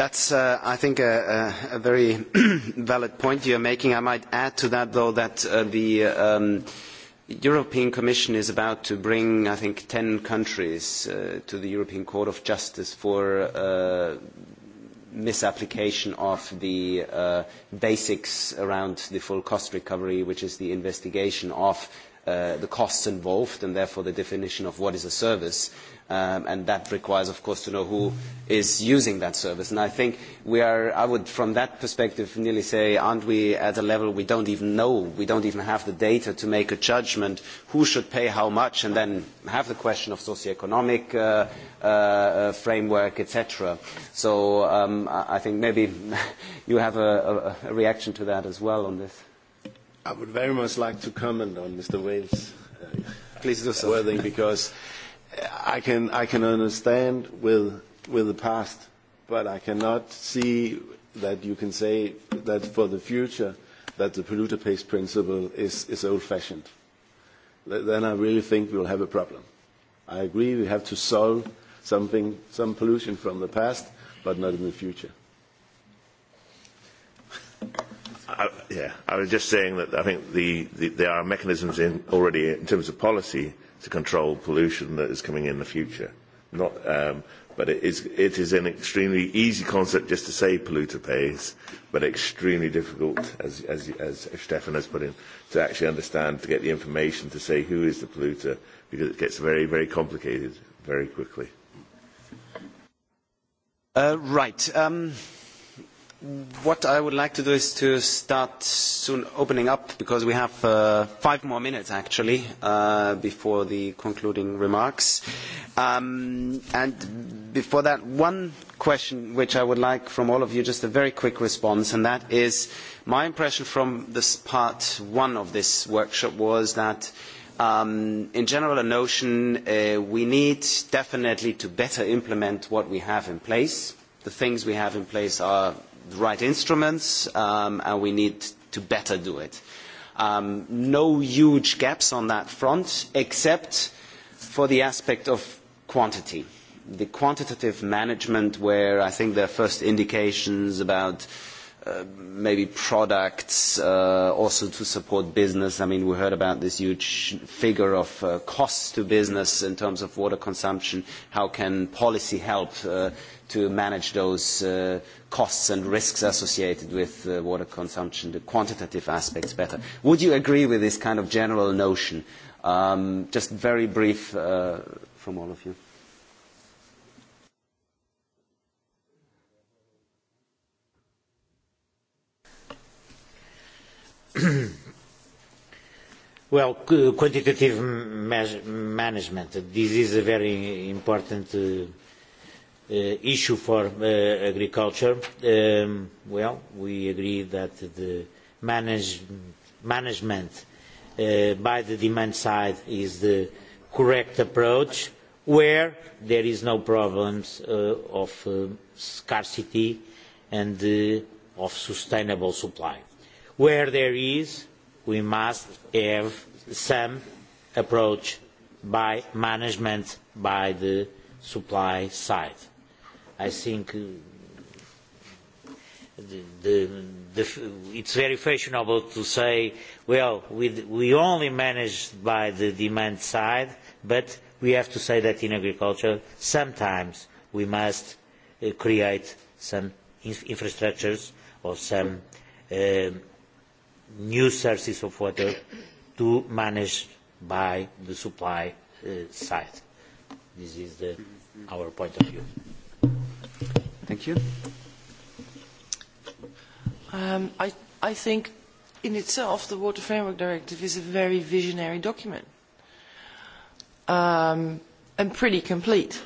That's, uh, I think, a, a very valid point you're making. I might add to that, though, that uh, the um, European Commission is about to bring, I think, 10 countries uh, to the European Court of Justice for uh, misapplication of the uh, basics around the full cost recovery, which is the investigation of Uh, the costs involved and therefore the definition of what is a service. Um, and that requires, of course, to know who is using that service. And I think we are, I would, from that perspective, nearly say, aren't we at a level we don't even know, we don't even have the data to make a judgment who should pay how much and then have the question of socioeconomic uh, uh, uh framework, etc. So um, I think maybe you have a, a, a reaction to that as well on this. I would very much like to comment on Mr. Wales. Uh, Please do so. Wording because I can, I can understand with, with the past, but I cannot see that you can say that for the future that the polluter pays principle is, is old-fashioned. Then I really think we'll have a problem. I agree we have to solve something, some pollution from the past, but not in the future. I, yeah, I was just saying that I think the, the, there are mechanisms in already in terms of policy to control pollution that is coming in the future. Not, um, but it is, it is an extremely easy concept just to say polluter pays, but extremely difficult, as, as, as Stefan has put in, to actually understand, to get the information to say who is the polluter, because it gets very, very complicated very quickly. Uh, right. Um... What I would like to do is to start soon opening up because we have uh, five more minutes actually uh, before the concluding remarks. Um, and before that, one question which I would like from all of you, just a very quick response, and that is my impression from this part one of this workshop was that um, in general, a notion uh, we need definitely to better implement what we have in place. The things we have in place are the right instruments, um, and we need to better do it. Um, no huge gaps on that front, except for the aspect of quantity. The quantitative management, where I think there are first indications about Uh, maybe products uh, also to support business? I mean, we heard about this huge figure of uh, costs to business in terms of water consumption. How can policy help to manage those costs and risks associated with water consumption, the quantitative aspects better? Would you agree with this kind of general notion? Um, just very brief from all of you. well, quantitative measure, management, this is a very important uh, uh, issue for uh, agriculture. Um, well, we agree that the manage, management uh, by the demand side is the correct approach where there is no problems uh, of uh, scarcity and uh, of sustainable supply where there is, we must have some approach by management by the supply side. I think uh, the, the, the, it's very fashionable to say, well, we, we only manage by the demand side, but we have to say that in agriculture, sometimes we must uh, create some in infrastructures or some uh, new sources of water to manage by the supply uh, side. This is the, our point of view. Thank you. Um, I, I think in itself the Water Framework Directive is a very visionary document um, and pretty complete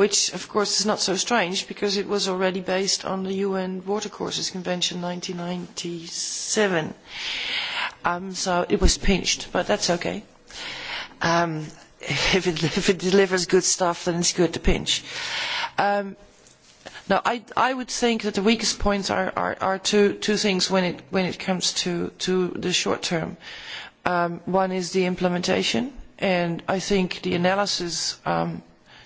which of course is not so strange because it was already based on the UN Watercourses Convention 1997. Um, so it was pinched, but that's okay. Um, if, it, if it delivers good stuff, then it's good to pinch. Um, now, I, I would think that the weakest points are, are, are two, two things when it, when it comes to, to the short term. Um, one is the implementation, and I think the analysis um,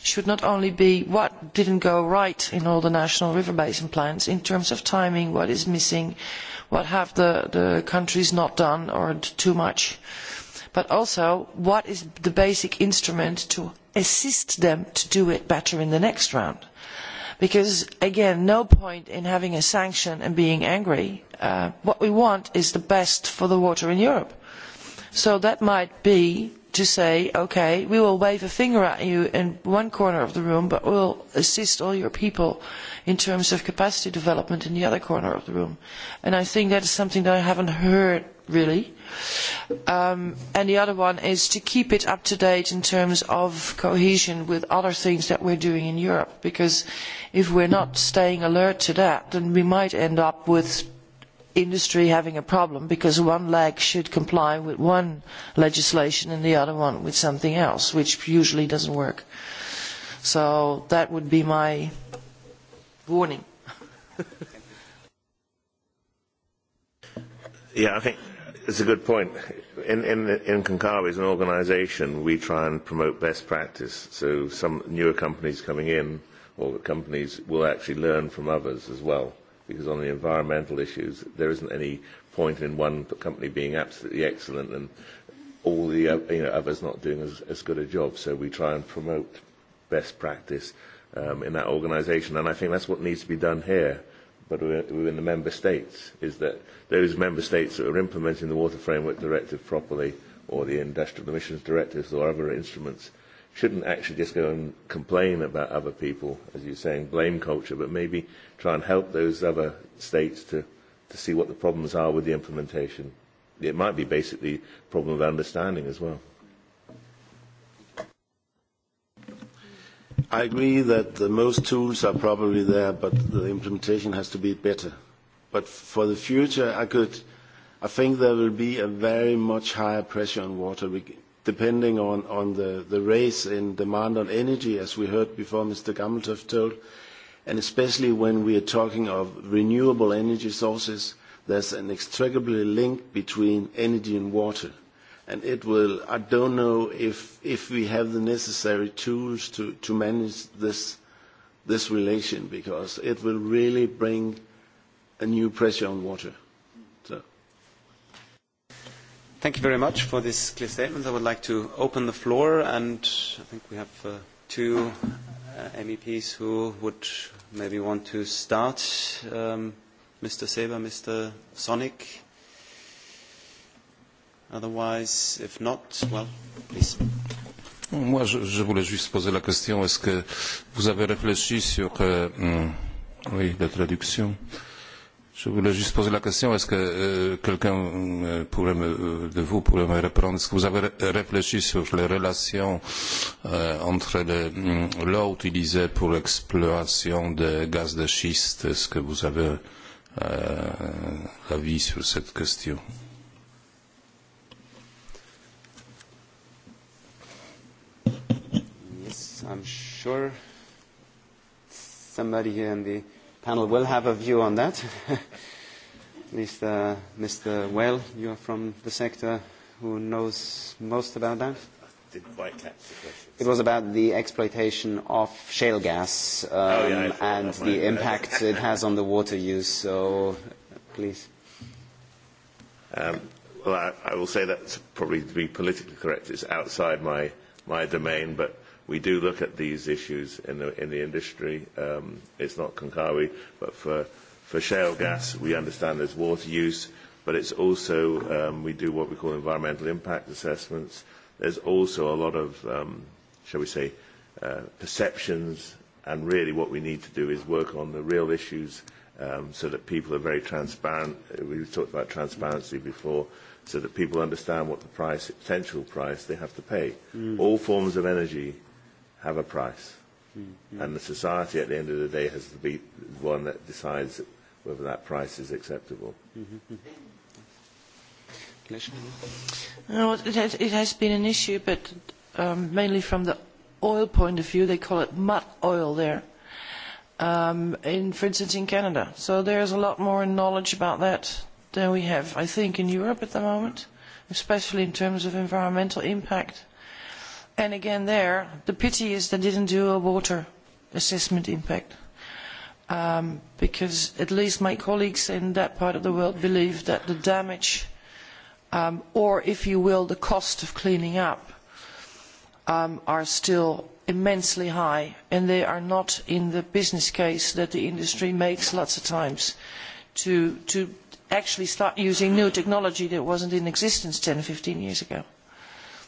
should not only be what didn't go right in all the national river basin plans in terms of timing, what is missing, what have the, the countries not done or too much, but also what is the basic instrument to assist them to do it better in the next round. Because again, no point in having a sanction and being angry. Uh, what we want is the best for the water in Europe. So that might be to say, okay, we will wave a finger at you in one corner of the room, but we'll assist all your people in terms of capacity development in the other corner of the room. And I think that is something that I haven't heard really. Um, and the other one is to keep it up to date in terms of cohesion with other things that we're doing in Europe, because if we're not staying alert to that, then we might end up with industry having a problem because one leg should comply with one legislation and the other one with something else, which usually doesn't work. So that would be my warning. yeah, I think it's a good point. In, in, in Concavi as an organization, we try and promote best practice. So some newer companies coming in or companies will actually learn from others as well because on the environmental issues, there isn't any point in one company being absolutely excellent and all the uh, you know, others not doing as, as good a job. So we try and promote best practice um, in that organization. And I think that's what needs to be done here, but within the member states, is that those member states that are implementing the Water Framework Directive properly or the Industrial Emissions Directives or other instruments – shouldn't actually just go and complain about other people, as you're saying, blame culture, but maybe try and help those other states to, to see what the problems are with the implementation. It might be basically a problem of understanding as well. I agree that the most tools are probably there, but the implementation has to be better. But for the future, I could, I think there will be a very much higher pressure on water depending on the race in demand on energy, as we heard before Mr. Gammeltoft told, and especially when we are talking of renewable energy sources, there's an inextricably link between energy and water. I don't know if we have the necessary tools to manage this relation, because it will really bring a new pressure on water. Thank you very much for this clear statement. I would like to open the floor, and I think we have uh, two uh, MEPs who would maybe want to start. Um, Mr. Seba, Mr. Sonic. Otherwise, if not, well, please. Moi, je, je voulais juste poser la question. Est-ce que vous avez réfléchi sur euh, hmm, oui, la traduction euh, Je voulais juste poser la question, est-ce que euh, quelqu'un euh, euh de vous pourrait me répondre Est-ce que vous avez réfléchi sur les relations euh, entre mm, l'eau utilisée pour l'exploitation de gaz de schiste Est-ce que vous avez euh, avis sur cette question Yes, I'm sure somebody here in the panel will have a view on that. At least uh, Mr. Well, you are from the sector who knows most about that. Didn't quite catch the question. It was about the exploitation of shale gas um, oh, yeah, um, and the right. impact it has on the water use. So, please. Um, well, I, I will say that's probably to be politically correct. It's outside my, my domain, but We do look at these issues in the industry. Um, it's not Konkawi, but for shale gas, we understand there's water use, but it's also um, we do what we call environmental impact assessments. There's also a lot of, um, shall we say, uh, perceptions, and really what we need to do is work on the real issues so that people are very transparent. Uh, we talked about transparency before, so that people understand what the price, potential price they have to pay. Mm. All forms of energy have a price. Mm-hmm. And the society at the end of the day has to be one that decides whether that price is acceptable. Mm-hmm. mm-hmm. Well, it, has, it has been an issue, but um, mainly from the oil point of view, they call it mud oil there, um, in, for instance, in Canada. So there's a lot more knowledge about that than we have, I think, in Europe at the moment, especially in terms of environmental impact. And again there, the pity is they didn't do a water assessment impact. Um, because at least my colleagues in that part of the world believe that the damage, um, or if you will, the cost of cleaning up, um, are still immensely high and they are not in the business case that the industry makes lots of times to, to actually start using new technology that wasn't in existence 10 or 15 years ago.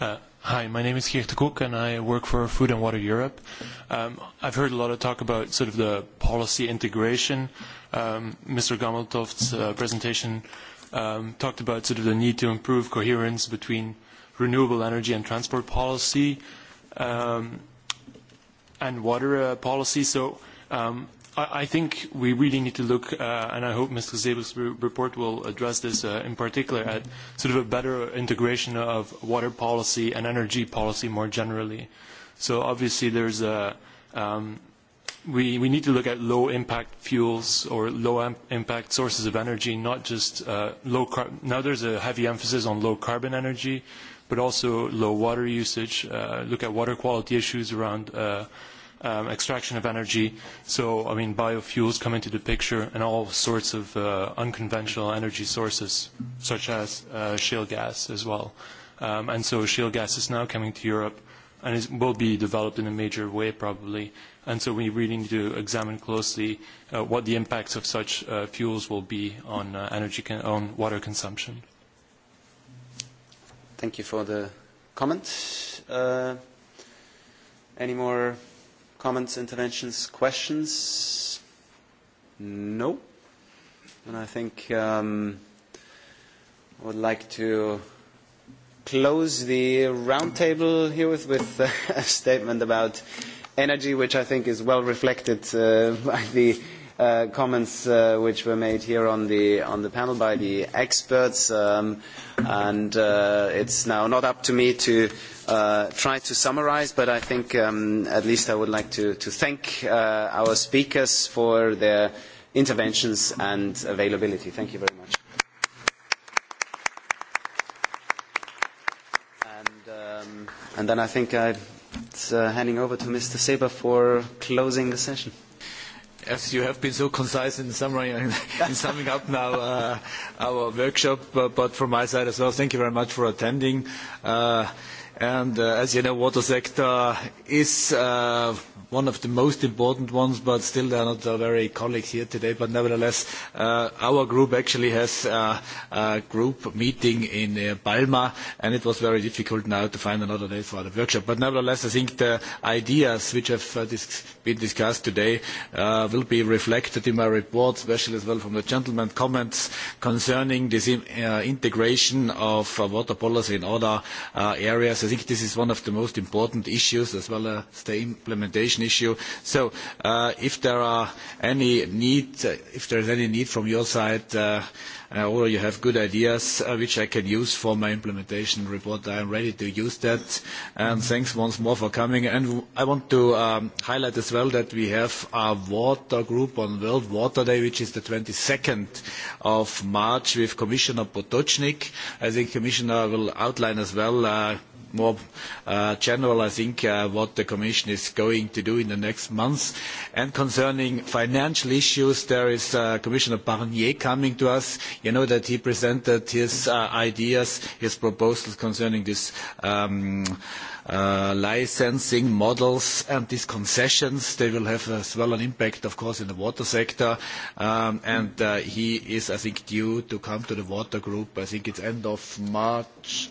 Uh, hi, my name is Geert Koek and I work for Food and Water Europe. Um, I've heard a lot of talk about sort of the policy integration. Um, Mr. Gameltoft's uh, presentation um, talked about sort of the need to improve coherence between renewable energy and transport policy um, and water uh, policy. So um, I think we really need to look, uh, and I hope Mr. Zabel's re report will address this uh, in particular, at sort of a better integration of water policy and energy policy more generally. So obviously there's a, um, we, we need to look at low impact fuels or low impact sources of energy, not just uh, low carbon. Now there's a heavy emphasis on low carbon energy, but also low water usage, uh, look at water quality issues around uh, um, extraction of energy. So, I mean, biofuels come into the picture and all sorts of uh, unconventional energy sources, such as uh, shale gas as well. Um, and so shale gas is now coming to Europe and it will be developed in a major way probably. And so we really need to examine closely uh, what the impacts of such uh, fuels will be on, uh, energy con- on water consumption. Thank you for the comment. Uh, any more comments, interventions, questions? No. And I think um, I would like to close the roundtable here with, with a statement about energy, which I think is well reflected uh, by the. Uh, comments uh, which were made here on the panel by the experts. Um, uh, it's now not up to me to try to summarize, but I think um, at least I would like to thank our speakers for their interventions and availability. Thank you very much. Um, then I think it's handing over to Mr. Seeber for closing the session. As you have been so concise in summary, in summing up now, uh, our workshop, uh, but from my side as well, thank you very much for attending. Uh, Uh, as you know, water sector is uh, one of the most important ones, but still there are not very colleagues here today. But nevertheless, uh, our group actually has a group meeting in Palma, and it was very difficult now to find another day for the workshop. But nevertheless, I think the ideas which have been discussed today will be reflected in my report, especially as well from the gentleman's comments concerning this integration of water policy in other areas think this is one of the most important issues as well as the implementation issue. So uh, if there are any need, uh, if there is any need from your side, uh, uh or you have good ideas uh, which I can use for my implementation report, I am ready to use that. And thanks once more for coming. And I want to um, highlight as well that we have a water group on World Water Day, which is the 22nd of March with Commissioner Potocznik. I think Commissioner will outline as well uh, more uh, general, I think, uh, what the Commission is going to do in the next months. Concerning financial issues, there is uh, Commissioner Barnier coming to us. You know that he presented his ideas, his proposals concerning this um, licensing models and these concessions. They will have as well an impact, of course, in the water sector. Um, and he is, I think, due to come to the water group, I think it's end of March,